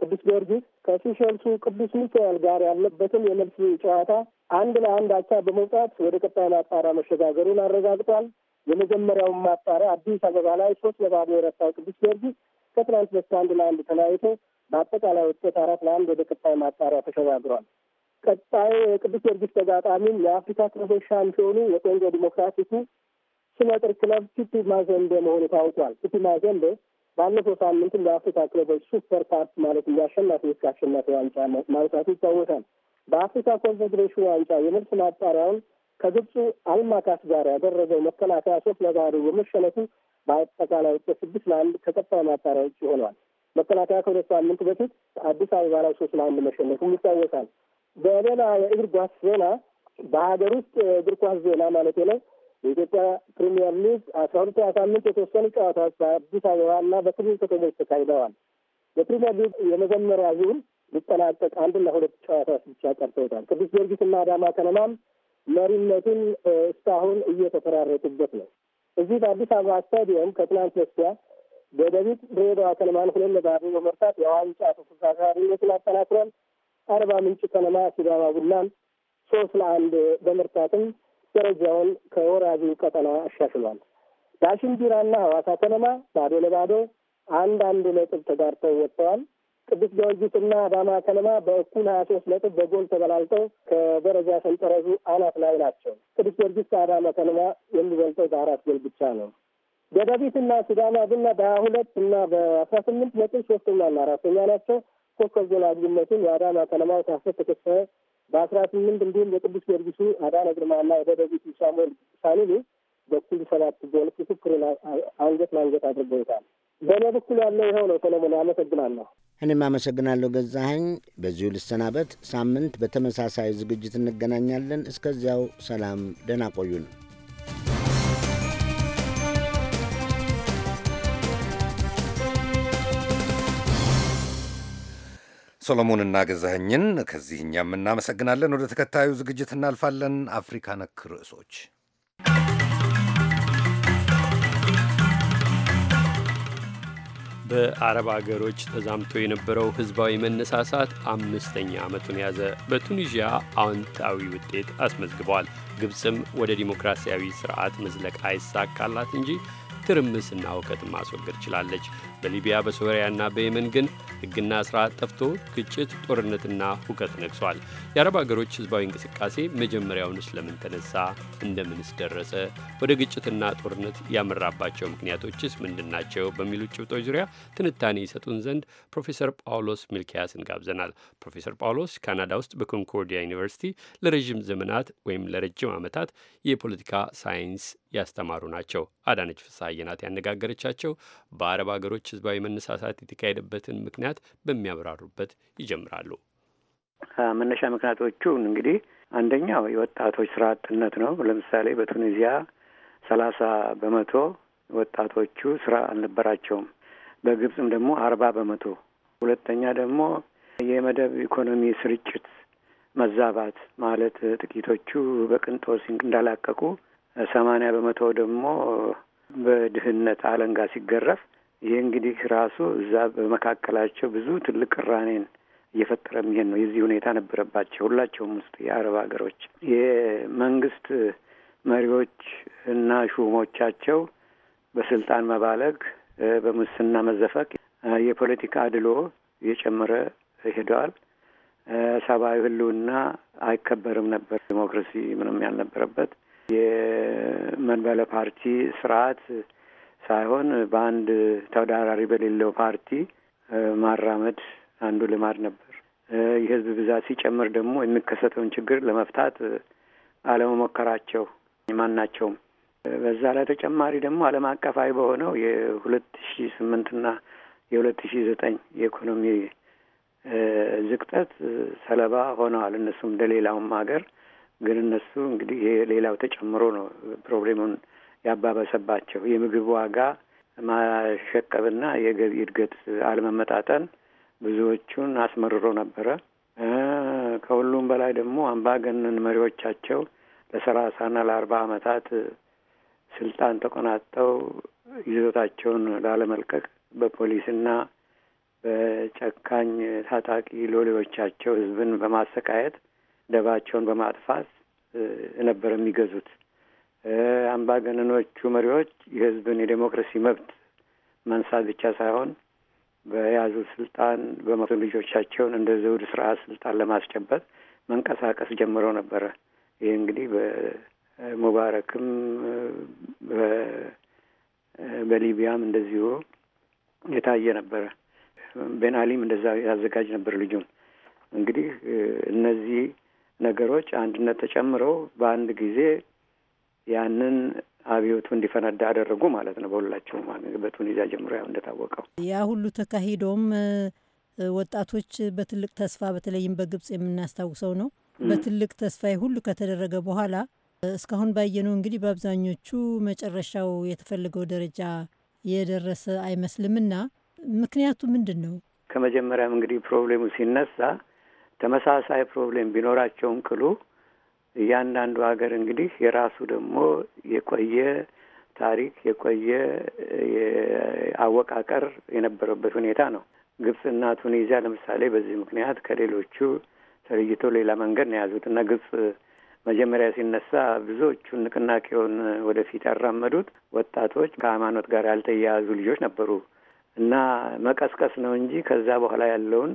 ቅዱስ ጊዮርጊስ ከሲሸልሱ ቅዱስ ሚካኤል ጋር ያለበትን የመልስ ጨዋታ አንድ ለአንድ አቻ በመውጣት ወደ ቀጣዩ ማጣሪያ መሸጋገሩን አረጋግጧል። የመጀመሪያውን ማጣሪያ አዲስ አበባ ላይ ሶስት ለባዶ የረታው ቅዱስ ጊዮርጊስ ከትናንት በስቲያ አንድ ለአንድ ተለያይቶ በአጠቃላይ ውጤት አራት ለአንድ ወደ ቀጣዩ ማጣሪያ ተሸጋግሯል። ቀጣይ የቅዱስ ጊዮርጊስ ተጋጣሚም የአፍሪካ ክለቦች ሻምፒዮኑ የኮንጎ ዲሞክራቲኩ ስመጥር ክለብ ቲፒ ማዘንዴ መሆኑ ታውቋል። ቲፒ ማዘንዴ ባለፈው ሳምንትም ለአፍሪካ ክለቦች ሱፐር ካፕ ማለት የአሸናፊዎች ከአሸናፊ ዋንጫ ማንሳቱ ይታወሳል። በአፍሪካ ኮንፌዴሬሽን ዋንጫ የመልስ ማጣሪያውን ከግብፁ አልማካስ ጋር ያደረገው መከላከያ ሶስት ለባዶ በመሸነፉ በአጠቃላይ ውጤት ስድስት ለአንድ ከቀጣይ ማጣሪያ ውጭ ሆኗል። መከላከያ ከሁለት ሳምንት በፊት አዲስ አበባ ላይ ሶስት ለአንድ መሸነፉም ይታወሳል። በሌላ የእግር ኳስ ዜና በሀገር ውስጥ የእግር ኳስ ዜና ማለት ነው የኢትዮጵያ ፕሪሚየር ሊግ አስራ ሁለት ሳምንት የተወሰኑ ጨዋታዎች በአዲስ አበባ አበባና በስምንት ከተሞች ተካሂደዋል። የፕሪሚየር ሊግ የመጀመሪያ ዙር ሊጠናቀቅ አንድና ሁለት ጨዋታዎች ብቻ ቀርተውታል። ቅዱስ ጊዮርጊስ ጊዮርጊስና አዳማ ከነማም መሪነቱን እስካሁን እየተፈራረጡበት ነው። እዚህ በአዲስ አበባ ስታዲየም ከትናንት በስቲያ ደደቢት ድሬዳዋ ከነማን ሁለት ለባዶ በመርታት የዋንጫ ተፎካካሪነቱን አጠናክሯል። አርባ ምንጭ ከነማ ሲዳማ ቡናን ሶስት ለአንድ በመርታትም ደረጃውን ከወራቢው ቀጠና አሻሽሏል። ዳሽን ቢራና ሐዋሳ ከነማ ባዶ ለባዶ አንድ አንድ ነጥብ ተጋርተው ወጥተዋል። ቅዱስ ጊዮርጊስና አዳማ ከነማ በእኩል ሀያ ሶስት ነጥብ በጎል ተበላልጠው ከደረጃ ሰንጠረዙ አናት ላይ ናቸው። ቅዱስ ጊዮርጊስ ከአዳማ ከነማ የሚበልጠው በአራት ጎል ብቻ ነው። ደደቢትና ሲዳማ ቡና በሀያ ሁለት እና በአስራ ስምንት ነጥብ ሶስተኛና አራተኛ ናቸው። ኮከብ ጎል አግቢነቱን የአዳማ ከነማው ታፈት ተከሰ በአስራ ስምንት እንዲሁም የቅዱስ ጊዮርጊሱ አዳነ ግርማና የደደቢቱ ሳሙኤል ሳሊሉ በኩል ሰባት ጎል ፉክክሩን አንገት ለአንገት አድርገውታል። በእኔ በኩል ያለው ይኸው ነው። ሰለሞን አመሰግናለሁ። እኔም አመሰግናለሁ ገዛኸኝ። በዚሁ ልሰናበት። ሳምንት በተመሳሳይ ዝግጅት እንገናኛለን። እስከዚያው ሰላም፣ ደህና ቆዩን። ሶሎሞንና ገዛኸኝን ከዚህ እኛም እናመሰግናለን። ወደ ተከታዩ ዝግጅት እናልፋለን። አፍሪካ ነክ ርዕሶች በአረብ አገሮች ተዛምቶ የነበረው ህዝባዊ መነሳሳት አምስተኛ ዓመቱን ያዘ። በቱኒዥያ አዎንታዊ ውጤት አስመዝግቧል። ግብፅም ወደ ዲሞክራሲያዊ ስርዓት መዝለቅ አይሳካላት እንጂ ትርምስና እውከትም ማስወገድ ችላለች። በሊቢያ በሶሪያና በየመን ግን ሕግና ስርዓት ጠፍቶ ግጭት፣ ጦርነትና ሁከት ነግሷል። የአረብ አገሮች ሕዝባዊ እንቅስቃሴ መጀመሪያውን ስለምን ተነሳ? እንደምንስ ደረሰ? ወደ ግጭትና ጦርነት ያመራባቸው ምክንያቶችስ ምንድን ናቸው? በሚሉት ጭብጦች ዙሪያ ትንታኔ ይሰጡን ዘንድ ፕሮፌሰር ጳውሎስ ሚልኪያስን ጋብዘናል። ፕሮፌሰር ጳውሎስ ካናዳ ውስጥ በኮንኮርዲያ ዩኒቨርሲቲ ለረዥም ዘመናት ወይም ለረጅም ዓመታት የፖለቲካ ሳይንስ ያስተማሩ ናቸው። አዳነች ፍስሐዬ ናት ያነጋገረቻቸው በአረብ አገሮች ተማሪዎች ህዝባዊ መነሳሳት የተካሄደበትን ምክንያት በሚያብራሩበት ይጀምራሉ። መነሻ ምክንያቶቹ እንግዲህ አንደኛው የወጣቶች ስራ አጥነት ነው። ለምሳሌ በቱኒዚያ ሰላሳ በመቶ ወጣቶቹ ስራ አልነበራቸውም። በግብፅም ደግሞ አርባ በመቶ። ሁለተኛ ደግሞ የመደብ ኢኮኖሚ ስርጭት መዛባት ማለት ጥቂቶቹ በቅንጦት እንዳላቀቁ ሰማንያ በመቶ ደግሞ በድህነት አለንጋ ሲገረፍ ይህ እንግዲህ ራሱ እዛ በመካከላቸው ብዙ ትልቅ ቅራኔን እየፈጠረ የሚሄድ ነው። የዚህ ሁኔታ ነበረባቸው ሁላቸውም ውስጥ የአረብ ሀገሮች የመንግስት መሪዎች እና ሹሞቻቸው በስልጣን መባለግ፣ በሙስና መዘፈቅ፣ የፖለቲካ አድሎ እየጨመረ ሄደዋል። ሰብአዊ ህልውና አይከበርም ነበር። ዲሞክራሲ ምንም ያልነበረበት የመንበለ ፓርቲ ስርዓት ሳይሆን በአንድ ተወዳዳሪ በሌለው ፓርቲ ማራመድ አንዱ ልማድ ነበር። የህዝብ ብዛት ሲጨምር ደግሞ የሚከሰተውን ችግር ለመፍታት አለመሞከራቸው ማናቸውም በዛ ላይ ተጨማሪ ደግሞ ዓለም አቀፋዊ በሆነው የሁለት ሺ ና የሁለት ሺ ዘጠኝ የኢኮኖሚ ዝቅጠት ሰለባ ሆነዋል። እነሱም ሌላውም ሀገር ግን እነሱ እንግዲህ ይሄ ሌላው ተጨምሮ ነው ፕሮብሌሙን ያባበሰባቸው የምግብ ዋጋ ማሸቀብና የገቢ እድገት አለመመጣጠን ብዙዎቹን አስመርሮ ነበረ። ከሁሉም በላይ ደግሞ አምባገነን መሪዎቻቸው ለሰላሳና ለአርባ ዓመታት ስልጣን ተቆናጠው ይዞታቸውን ላለመልቀቅ በፖሊስና በጨካኝ ታጣቂ ሎሌዎቻቸው ህዝብን በማሰቃየት ደባቸውን በማጥፋት ነበር የሚገዙት። አምባገነኖቹ መሪዎች የህዝብን የዴሞክራሲ መብት መንሳት ብቻ ሳይሆን በያዙ ስልጣን በመቶ ልጆቻቸውን እንደ ዘውድ ስርዓት ስልጣን ለማስጨበጥ መንቀሳቀስ ጀምረው ነበረ። ይህ እንግዲህ በሙባረክም በሊቢያም እንደዚሁ የታየ ነበረ። አሊም እንደዛ ያዘጋጅ ነበር ልጁም። እንግዲህ እነዚህ ነገሮች አንድነት ተጨምረው በአንድ ጊዜ ያንን አብዮቱ እንዲፈነዳ አደረጉ ማለት ነው። በሁላቸውም በቱኒዚያ ጀምሮ ያው እንደታወቀው ያ ሁሉ ተካሂዶም ወጣቶች በትልቅ ተስፋ በተለይም በግብጽ የምናስታውሰው ነው። በትልቅ ተስፋ ሁሉ ከተደረገ በኋላ እስካሁን ባየነው እንግዲህ በአብዛኞቹ መጨረሻው የተፈለገው ደረጃ የደረሰ አይመስልምና ምክንያቱ ምንድን ነው? ከመጀመሪያም እንግዲህ ፕሮብሌሙ ሲነሳ ተመሳሳይ ፕሮብሌም ቢኖራቸውም ቅሉ እያንዳንዱ ሀገር እንግዲህ የራሱ ደግሞ የቆየ ታሪክ የቆየ አወቃቀር የነበረበት ሁኔታ ነው። ግብፅና ቱኒዚያ ለምሳሌ በዚህ ምክንያት ከሌሎቹ ተለይቶ ሌላ መንገድ ነው የያዙት እና ግብፅ መጀመሪያ ሲነሳ ብዙዎቹን ንቅናቄውን ወደፊት ያራመዱት ወጣቶች ከሃይማኖት ጋር ያልተያያዙ ልጆች ነበሩ እና መቀስቀስ ነው እንጂ ከዛ በኋላ ያለውን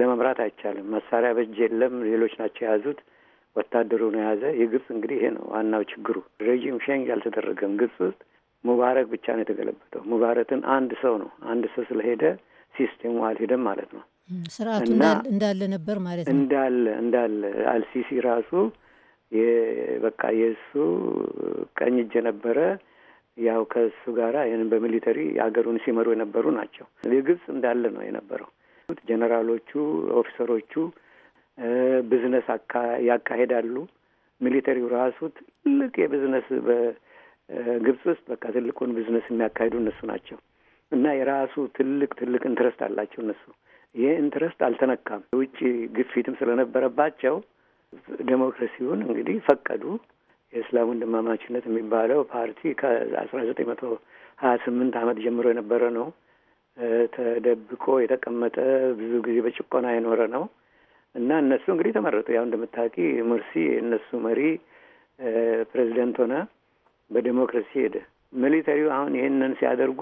ለመምራት አይቻልም። መሳሪያ በእጅ የለም። ሌሎች ናቸው የያዙት። ወታደሩን የያዘ የግብፅ እንግዲህ ይሄ ነው ዋናው ችግሩ። ሬዥም ሸንግ አልተደረገም ግብፅ ውስጥ ሙባረክ ብቻ ነው የተገለበጠው። ሙባረክን አንድ ሰው ነው አንድ ሰው ስለሄደ ሲስቴሙ አልሄደም ማለት ነው። ስርአቱ እንዳለ ነበር ማለት ነው። እንዳለ እንዳለ አልሲሲ ራሱ በቃ የእሱ ቀኝ እጅ የነበረ ያው ከእሱ ጋር ይህንን በሚሊተሪ አገሩን ሲመሩ የነበሩ ናቸው። የግብፅ እንዳለ ነው የነበረው ጀነራሎቹ ኦፊሰሮቹ ብዝነስ ያካሄዳሉ። ሚሊተሪው ራሱ ትልቅ የብዝነስ በግብጽ ውስጥ በቃ ትልቁን ብዝነስ የሚያካሂዱ እነሱ ናቸው እና የራሱ ትልቅ ትልቅ ኢንትረስት አላቸው እነሱ። ይህ ኢንትረስት አልተነካም። የውጭ ግፊትም ስለነበረባቸው ዴሞክራሲውን እንግዲህ ፈቀዱ። የእስላም ወንድማማችነት የሚባለው ፓርቲ ከአስራ ዘጠኝ መቶ ሀያ ስምንት ዓመት ጀምሮ የነበረ ነው። ተደብቆ የተቀመጠ ብዙ ጊዜ በጭቆና የኖረ ነው። እና እነሱ እንግዲህ ተመረጡ። ያው እንደምታውቂ ሙርሲ እነሱ መሪ ፕሬዚደንት ሆነ በዴሞክራሲ ሄደ። ሚሊተሪው አሁን ይህንን ሲያደርጉ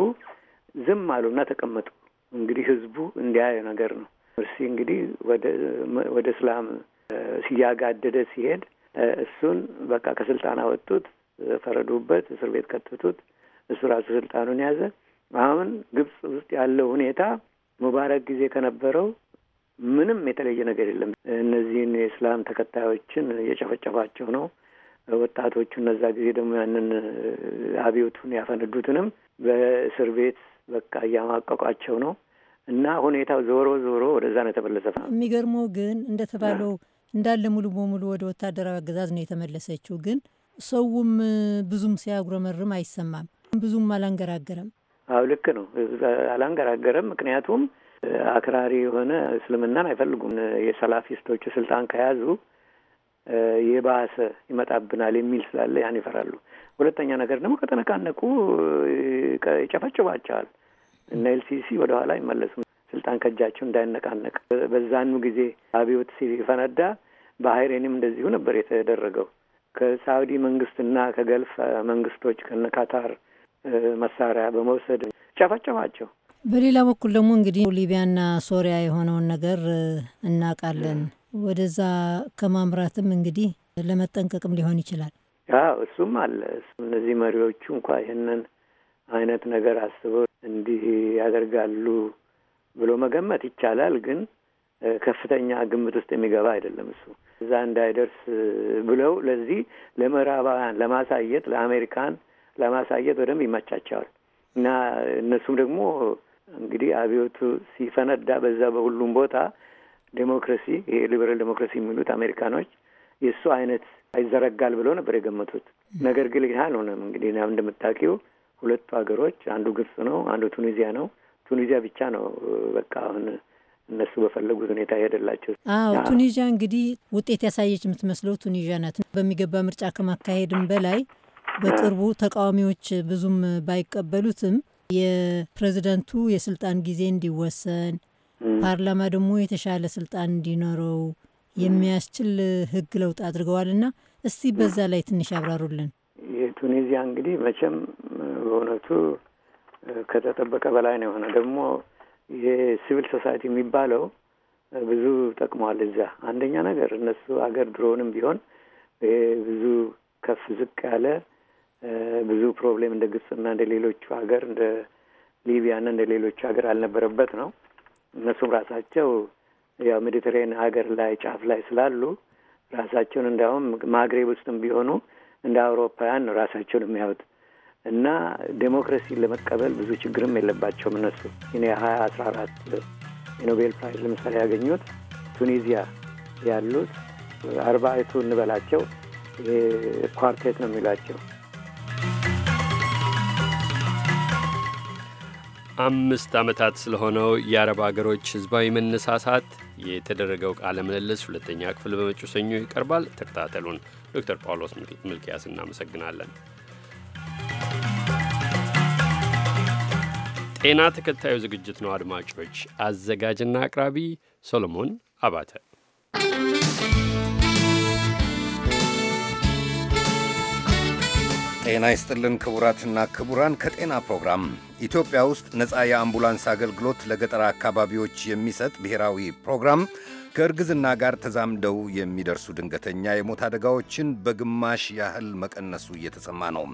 ዝም አሉ እና ተቀመጡ። እንግዲህ ህዝቡ እንዲያየ ነገር ነው። ሙርሲ እንግዲህ ወደ እስላም ሲያጋደደ ሲሄድ እሱን በቃ ከስልጣን አወጡት፣ ፈረዱበት፣ እስር ቤት ከተቱት። እሱ ራሱ ስልጣኑን ያዘ። አሁን ግብጽ ውስጥ ያለው ሁኔታ ሙባረክ ጊዜ ከነበረው ምንም የተለየ ነገር የለም። እነዚህን የእስላም ተከታዮችን የጨፈጨፋቸው ነው። ወጣቶቹ እነዛ ጊዜ ደግሞ ያንን አብዮቱን ያፈነዱትንም በእስር ቤት በቃ እያማቀቋቸው ነው እና ሁኔታው ዞሮ ዞሮ ወደዛ ነው የተመለሰ። የሚገርመው ግን እንደተባለው እንዳለ ሙሉ በሙሉ ወደ ወታደራዊ አገዛዝ ነው የተመለሰችው። ግን ሰውም ብዙም ሲያጉረመርም አይሰማም። ብዙም አላንገራገረም። አዎ ልክ ነው፣ አላንገራገረም። ምክንያቱም አክራሪ የሆነ እስልምናን አይፈልጉም። የሰላፊስቶቹ ስልጣን ከያዙ የባሰ ይመጣብናል የሚል ስላለ ያን ይፈራሉ። ሁለተኛ ነገር ደግሞ ከተነቃነቁ ይጨፈጭባቸዋል እና ኤልሲሲ ወደ ኋላ አይመለሱም። ስልጣን ከእጃቸው እንዳይነቃነቅ በዛኑ ጊዜ አብዮት ሲፈነዳ በሀይሬንም እንደዚሁ ነበር የተደረገው። ከሳውዲ መንግስትና ከገልፍ መንግስቶች ከነካታር መሳሪያ በመውሰድ ጨፈጨፋቸው። በሌላ በኩል ደግሞ እንግዲህ ሊቢያና ሶሪያ የሆነውን ነገር እናውቃለን። ወደዛ ከማምራትም እንግዲህ ለመጠንቀቅም ሊሆን ይችላል። አዎ እሱም አለ። እነዚህ መሪዎቹ እንኳ ይህንን አይነት ነገር አስበው እንዲህ ያደርጋሉ ብሎ መገመት ይቻላል። ግን ከፍተኛ ግምት ውስጥ የሚገባ አይደለም። እሱ እዛ እንዳይደርስ ብለው ለዚህ ለምዕራባውያን ለማሳየት፣ ለአሜሪካን ለማሳየት በደንብ ይመቻቸዋል እና እነሱም ደግሞ እንግዲህ አብዮቱ ሲፈነዳ በዛ በሁሉም ቦታ ዴሞክራሲ ይሄ ሊበራል ዴሞክራሲ የሚሉት አሜሪካኖች የእሱ አይነት አይዘረጋል ብለው ነበር የገመቱት። ነገር ግን ይህ አልሆነም። እንግዲህ እንደምታውቂው ሁለቱ ሀገሮች አንዱ ግብጽ ነው፣ አንዱ ቱኒዚያ ነው። ቱኒዚያ ብቻ ነው በቃ አሁን እነሱ በፈለጉት ሁኔታ ይሄደላቸው። አዎ ቱኒዚያ እንግዲህ ውጤት ያሳየች የምትመስለው ቱኒዚያ ናት። በሚገባ ምርጫ ከማካሄድም በላይ በቅርቡ ተቃዋሚዎች ብዙም ባይቀበሉትም የፕሬዝደንቱ የስልጣን ጊዜ እንዲወሰን ፓርላማ ደግሞ የተሻለ ስልጣን እንዲኖረው የሚያስችል ህግ ለውጥ አድርገዋል እና እስቲ በዛ ላይ ትንሽ ያብራሩልን። የቱኒዚያ እንግዲህ መቼም በእውነቱ ከተጠበቀ በላይ ነው የሆነ ደግሞ ይሄ ሲቪል ሶሳይቲ የሚባለው ብዙ ጠቅመዋል። እዛ አንደኛ ነገር እነሱ አገር ድሮውንም ቢሆን ብዙ ከፍ ዝቅ ያለ ብዙ ፕሮብሌም እንደ ግብጽና እንደ ሌሎቹ ሀገር እንደ ሊቢያና እንደ ሌሎቹ ሀገር አልነበረበት ነው። እነሱም ራሳቸው ያው ሜዲትሬን ሀገር ላይ ጫፍ ላይ ስላሉ ራሳቸውን እንዲያውም ማግሬብ ውስጥም ቢሆኑ እንደ አውሮፓውያን ነው ራሳቸውን የሚያዩት እና ዴሞክራሲን ለመቀበል ብዙ ችግርም የለባቸውም እነሱ። እኔ ሀያ አስራ አራት የኖቤል ፕራይዝ ለምሳሌ ያገኙት ቱኒዚያ ያሉት አይቱ እንበላቸው ኳርቴት ነው የሚሏቸው አምስት ዓመታት ስለሆነው የአረብ አገሮች ህዝባዊ መነሳሳት የተደረገው ቃለ ምልልስ ሁለተኛ ክፍል በመጪው ሰኞ ይቀርባል። ተከታተሉን። ዶክተር ጳውሎስ ምልኪያስ እናመሰግናለን። ጤና ተከታዩ ዝግጅት ነው። አድማጮች፣ አዘጋጅና አቅራቢ ሶሎሞን አባተ ጤና ይስጥልን ክቡራትና ክቡራን። ከጤና ፕሮግራም ኢትዮጵያ ውስጥ ነፃ የአምቡላንስ አገልግሎት ለገጠር አካባቢዎች የሚሰጥ ብሔራዊ ፕሮግራም ከእርግዝና ጋር ተዛምደው የሚደርሱ ድንገተኛ የሞት አደጋዎችን በግማሽ ያህል መቀነሱ እየተሰማ ነው።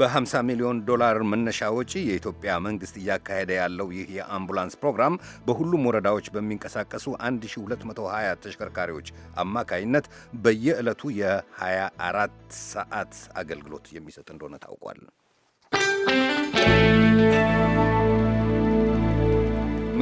በ50 ሚሊዮን ዶላር መነሻ ወጪ የኢትዮጵያ መንግሥት እያካሄደ ያለው ይህ የአምቡላንስ ፕሮግራም በሁሉም ወረዳዎች በሚንቀሳቀሱ 1220 ተሽከርካሪዎች አማካይነት በየዕለቱ የ24 ሰዓት አገልግሎት የሚሰጥ እንደሆነ ታውቋል።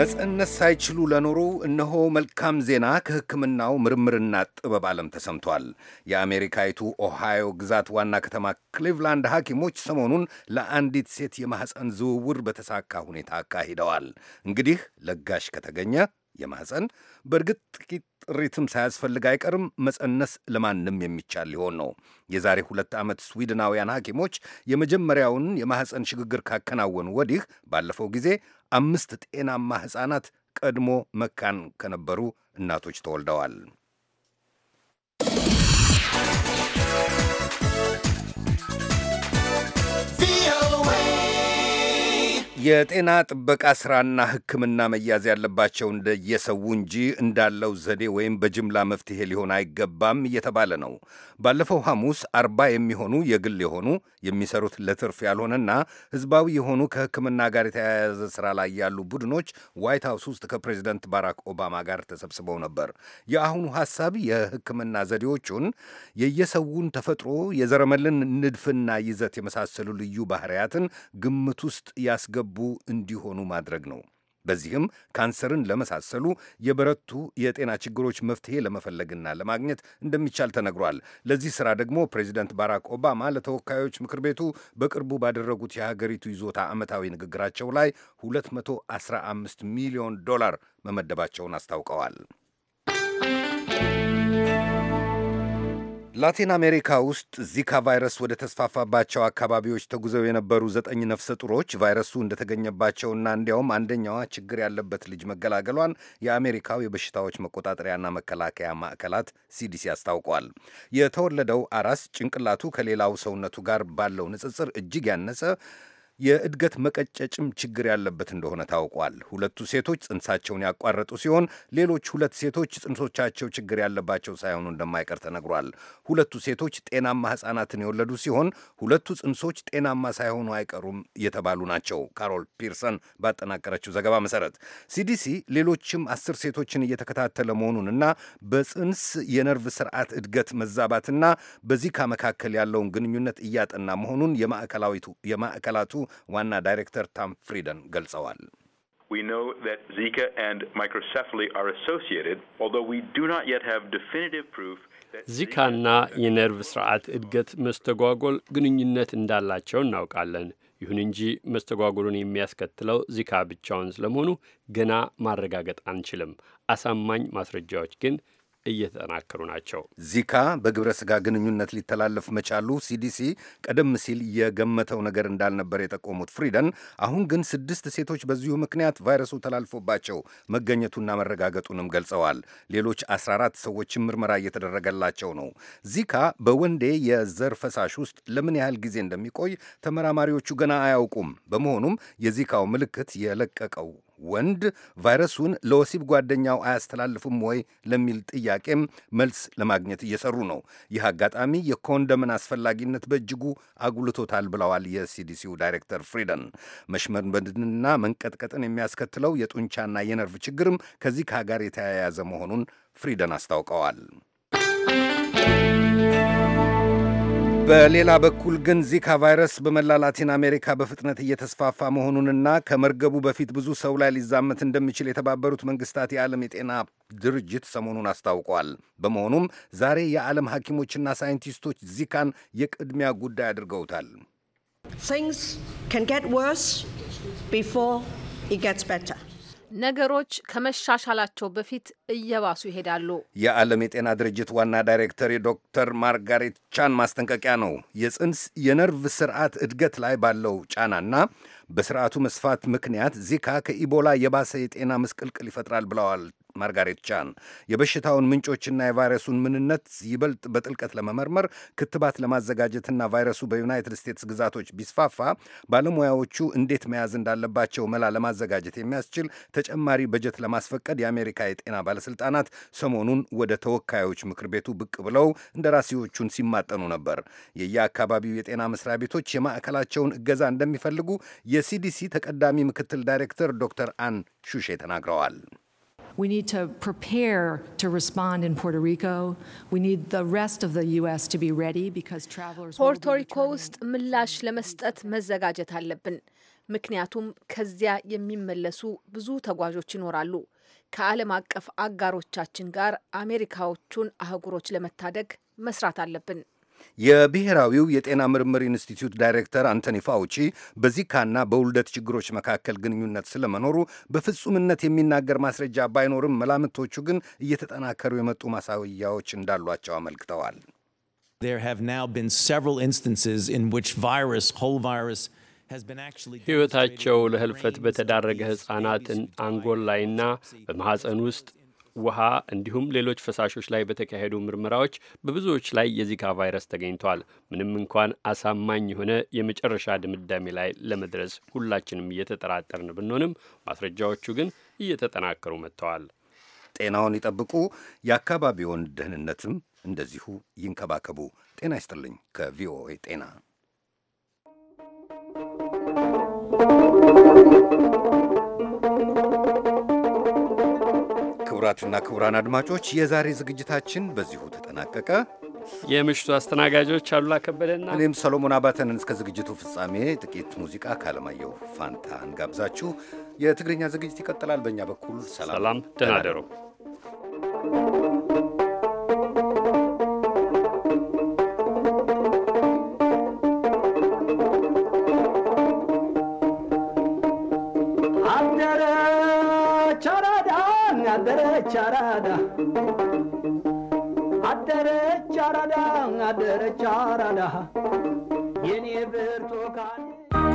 መፀነስ ሳይችሉ ለኖሩ እነሆ መልካም ዜና ከሕክምናው ምርምርና ጥበብ ዓለም ተሰምቷል። የአሜሪካይቱ ኦሃዮ ግዛት ዋና ከተማ ክሊቭላንድ ሐኪሞች ሰሞኑን ለአንዲት ሴት የማኅፀን ዝውውር በተሳካ ሁኔታ አካሂደዋል። እንግዲህ ለጋሽ ከተገኘ የማኅፀን በእርግጥ ጥቂት ጥሪትም ሳያስፈልግ አይቀርም መፀነስ ለማንም የሚቻል ሊሆን ነው። የዛሬ ሁለት ዓመት ስዊድናውያን ሐኪሞች የመጀመሪያውን የማኅፀን ሽግግር ካከናወኑ ወዲህ ባለፈው ጊዜ አምስት ጤናማ ሕፃናት ቀድሞ መካን ከነበሩ እናቶች ተወልደዋል። የጤና ጥበቃ ሥራና ሕክምና መያዝ ያለባቸው እንደየሰው እንጂ እንዳለው ዘዴ ወይም በጅምላ መፍትሄ ሊሆን አይገባም እየተባለ ነው። ባለፈው ሐሙስ አርባ የሚሆኑ የግል የሆኑ የሚሰሩት ለትርፍ ያልሆነና ህዝባዊ የሆኑ ከህክምና ጋር የተያያዘ ስራ ላይ ያሉ ቡድኖች ዋይት ሀውስ ውስጥ ከፕሬዚደንት ባራክ ኦባማ ጋር ተሰብስበው ነበር። የአሁኑ ሐሳብ የህክምና ዘዴዎቹን የየሰውን ተፈጥሮ፣ የዘረመልን ንድፍና ይዘት የመሳሰሉ ልዩ ባህሪያትን ግምት ውስጥ ያስገቡ እንዲሆኑ ማድረግ ነው። በዚህም ካንሰርን ለመሳሰሉ የበረቱ የጤና ችግሮች መፍትሄ ለመፈለግና ለማግኘት እንደሚቻል ተነግሯል። ለዚህ ስራ ደግሞ ፕሬዚደንት ባራክ ኦባማ ለተወካዮች ምክር ቤቱ በቅርቡ ባደረጉት የሀገሪቱ ይዞታ ዓመታዊ ንግግራቸው ላይ 215 ሚሊዮን ዶላር መመደባቸውን አስታውቀዋል። ላቲን አሜሪካ ውስጥ ዚካ ቫይረስ ወደ ተስፋፋባቸው አካባቢዎች ተጉዘው የነበሩ ዘጠኝ ነፍሰ ጡሮች ቫይረሱ እንደተገኘባቸውና እንዲያውም አንደኛዋ ችግር ያለበት ልጅ መገላገሏን የአሜሪካው የበሽታዎች መቆጣጠሪያና መከላከያ ማዕከላት ሲዲሲ አስታውቋል። የተወለደው አራስ ጭንቅላቱ ከሌላው ሰውነቱ ጋር ባለው ንጽጽር እጅግ ያነሰ የእድገት መቀጨጭም ችግር ያለበት እንደሆነ ታውቋል። ሁለቱ ሴቶች ጽንሳቸውን ያቋረጡ ሲሆን ሌሎች ሁለት ሴቶች ጽንሶቻቸው ችግር ያለባቸው ሳይሆኑ እንደማይቀር ተነግሯል። ሁለቱ ሴቶች ጤናማ ሕፃናትን የወለዱ ሲሆን ሁለቱ ጽንሶች ጤናማ ሳይሆኑ አይቀሩም የተባሉ ናቸው። ካሮል ፒርሰን ባጠናቀረችው ዘገባ መሰረት ሲዲሲ ሌሎችም አስር ሴቶችን እየተከታተለ መሆኑንና በጽንስ የነርቭ ስርዓት እድገት መዛባትና በዚካ መካከል ያለውን ግንኙነት እያጠና መሆኑን የማዕከላቱ ዋና ዳይሬክተር ታም ፍሪደን ገልጸዋል። ዚካና የነርቭ ስርዓት እድገት መስተጓጎል ግንኙነት እንዳላቸው እናውቃለን። ይሁን እንጂ መስተጓጎሉን የሚያስከትለው ዚካ ብቻውን ስለመሆኑ ገና ማረጋገጥ አንችልም። አሳማኝ ማስረጃዎች ግን እየተጠናከሩ ናቸው። ዚካ በግብረ ስጋ ግንኙነት ሊተላለፍ መቻሉ ሲዲሲ ቀደም ሲል የገመተው ነገር እንዳልነበር የጠቆሙት ፍሪደን አሁን ግን ስድስት ሴቶች በዚሁ ምክንያት ቫይረሱ ተላልፎባቸው መገኘቱና መረጋገጡንም ገልጸዋል። ሌሎች 14 ሰዎችም ምርመራ እየተደረገላቸው ነው። ዚካ በወንዴ የዘር ፈሳሽ ውስጥ ለምን ያህል ጊዜ እንደሚቆይ ተመራማሪዎቹ ገና አያውቁም። በመሆኑም የዚካው ምልክት የለቀቀው ወንድ ቫይረሱን ለወሲብ ጓደኛው አያስተላልፍም ወይ ለሚል ጥያቄም መልስ ለማግኘት እየሰሩ ነው። ይህ አጋጣሚ የኮንደምን አስፈላጊነት በእጅጉ አጉልቶታል ብለዋል የሲዲሲው ዳይሬክተር ፍሪደን። መሽመድመድንና መንቀጥቀጥን የሚያስከትለው የጡንቻና የነርቭ ችግርም ከዚህ ጋር የተያያዘ መሆኑን ፍሪደን አስታውቀዋል። በሌላ በኩል ግን ዚካ ቫይረስ በመላ ላቲን አሜሪካ በፍጥነት እየተስፋፋ መሆኑንና ከመርገቡ በፊት ብዙ ሰው ላይ ሊዛመት እንደሚችል የተባበሩት መንግስታት የዓለም የጤና ድርጅት ሰሞኑን አስታውቋል። በመሆኑም ዛሬ የዓለም ሐኪሞችና ሳይንቲስቶች ዚካን የቅድሚያ ጉዳይ አድርገውታል። Things can get worse before it gets better. ነገሮች ከመሻሻላቸው በፊት እየባሱ ይሄዳሉ። የዓለም የጤና ድርጅት ዋና ዳይሬክተር የዶክተር ማርጋሬት ቻን ማስጠንቀቂያ ነው። የጽንስ የነርቭ ስርዓት እድገት ላይ ባለው ጫናና በስርዓቱ መስፋት ምክንያት ዚካ ከኢቦላ የባሰ የጤና ምስቅልቅል ይፈጥራል ብለዋል ማርጋሬት ቻን የበሽታውን ምንጮችና የቫይረሱን ምንነት ይበልጥ በጥልቀት ለመመርመር ክትባት ለማዘጋጀትና ቫይረሱ በዩናይትድ ስቴትስ ግዛቶች ቢስፋፋ ባለሙያዎቹ እንዴት መያዝ እንዳለባቸው መላ ለማዘጋጀት የሚያስችል ተጨማሪ በጀት ለማስፈቀድ የአሜሪካ የጤና ባለስልጣናት ሰሞኑን ወደ ተወካዮች ምክር ቤቱ ብቅ ብለው እንደራሴዎቹን ሲማጠኑ ነበር። የየአካባቢው የጤና መስሪያ ቤቶች የማዕከላቸውን እገዛ እንደሚፈልጉ የሲዲሲ ተቀዳሚ ምክትል ዳይሬክተር ዶክተር አን ሹሼ ተናግረዋል። We need to prepare to respond in Puerto Rico. We need the rest of the US to be ready because travelers ፖርቶ ሪኮ ውስጥ ምላሽ ለመስጠት መዘጋጀት አለብን። ምክንያቱም ከዚያ የሚመለሱ ብዙ ተጓዦች ይኖራሉ። ከዓለም አቀፍ አጋሮቻችን ጋር አሜሪካዎቹን አህጉሮች ለመታደግ መስራት አለብን። የብሔራዊው የጤና ምርምር ኢንስቲትዩት ዳይሬክተር አንቶኒ ፋውቺ በዚካና በውልደት ችግሮች መካከል ግንኙነት ስለመኖሩ በፍጹምነት የሚናገር ማስረጃ ባይኖርም መላምቶቹ ግን እየተጠናከሩ የመጡ ማሳያዎች እንዳሏቸው አመልክተዋል። There have now been several instances in which virus, whole virus, ሕይወታቸው ለህልፈት በተዳረገ ሕፃናትን አንጎል ላይና በማኅፀን ውስጥ ውሃ እንዲሁም ሌሎች ፈሳሾች ላይ በተካሄዱ ምርመራዎች በብዙዎች ላይ የዚካ ቫይረስ ተገኝቷል። ምንም እንኳን አሳማኝ የሆነ የመጨረሻ ድምዳሜ ላይ ለመድረስ ሁላችንም እየተጠራጠርን ብንሆንም ማስረጃዎቹ ግን እየተጠናከሩ መጥተዋል። ጤናውን ይጠብቁ፣ የአካባቢውን ደህንነትም እንደዚሁ ይንከባከቡ። ጤና ይስጥልኝ። ከቪኦኤ ጤና ክቡራትና ክቡራን አድማጮች የዛሬ ዝግጅታችን በዚሁ ተጠናቀቀ። የምሽቱ አስተናጋጆች አሉላ ከበደና እኔም ሰሎሞን አባተንን እስከ ዝግጅቱ ፍጻሜ ጥቂት ሙዚቃ ካለማየሁ ፋንታ እንጋብዛችሁ። የትግርኛ ዝግጅት ይቀጥላል። በእኛ በኩል ሰላም፣ ደህና ደሩ። አደረች አራዳ አደረች አራዳ አደረች አራዳ የኔ ብርቱካን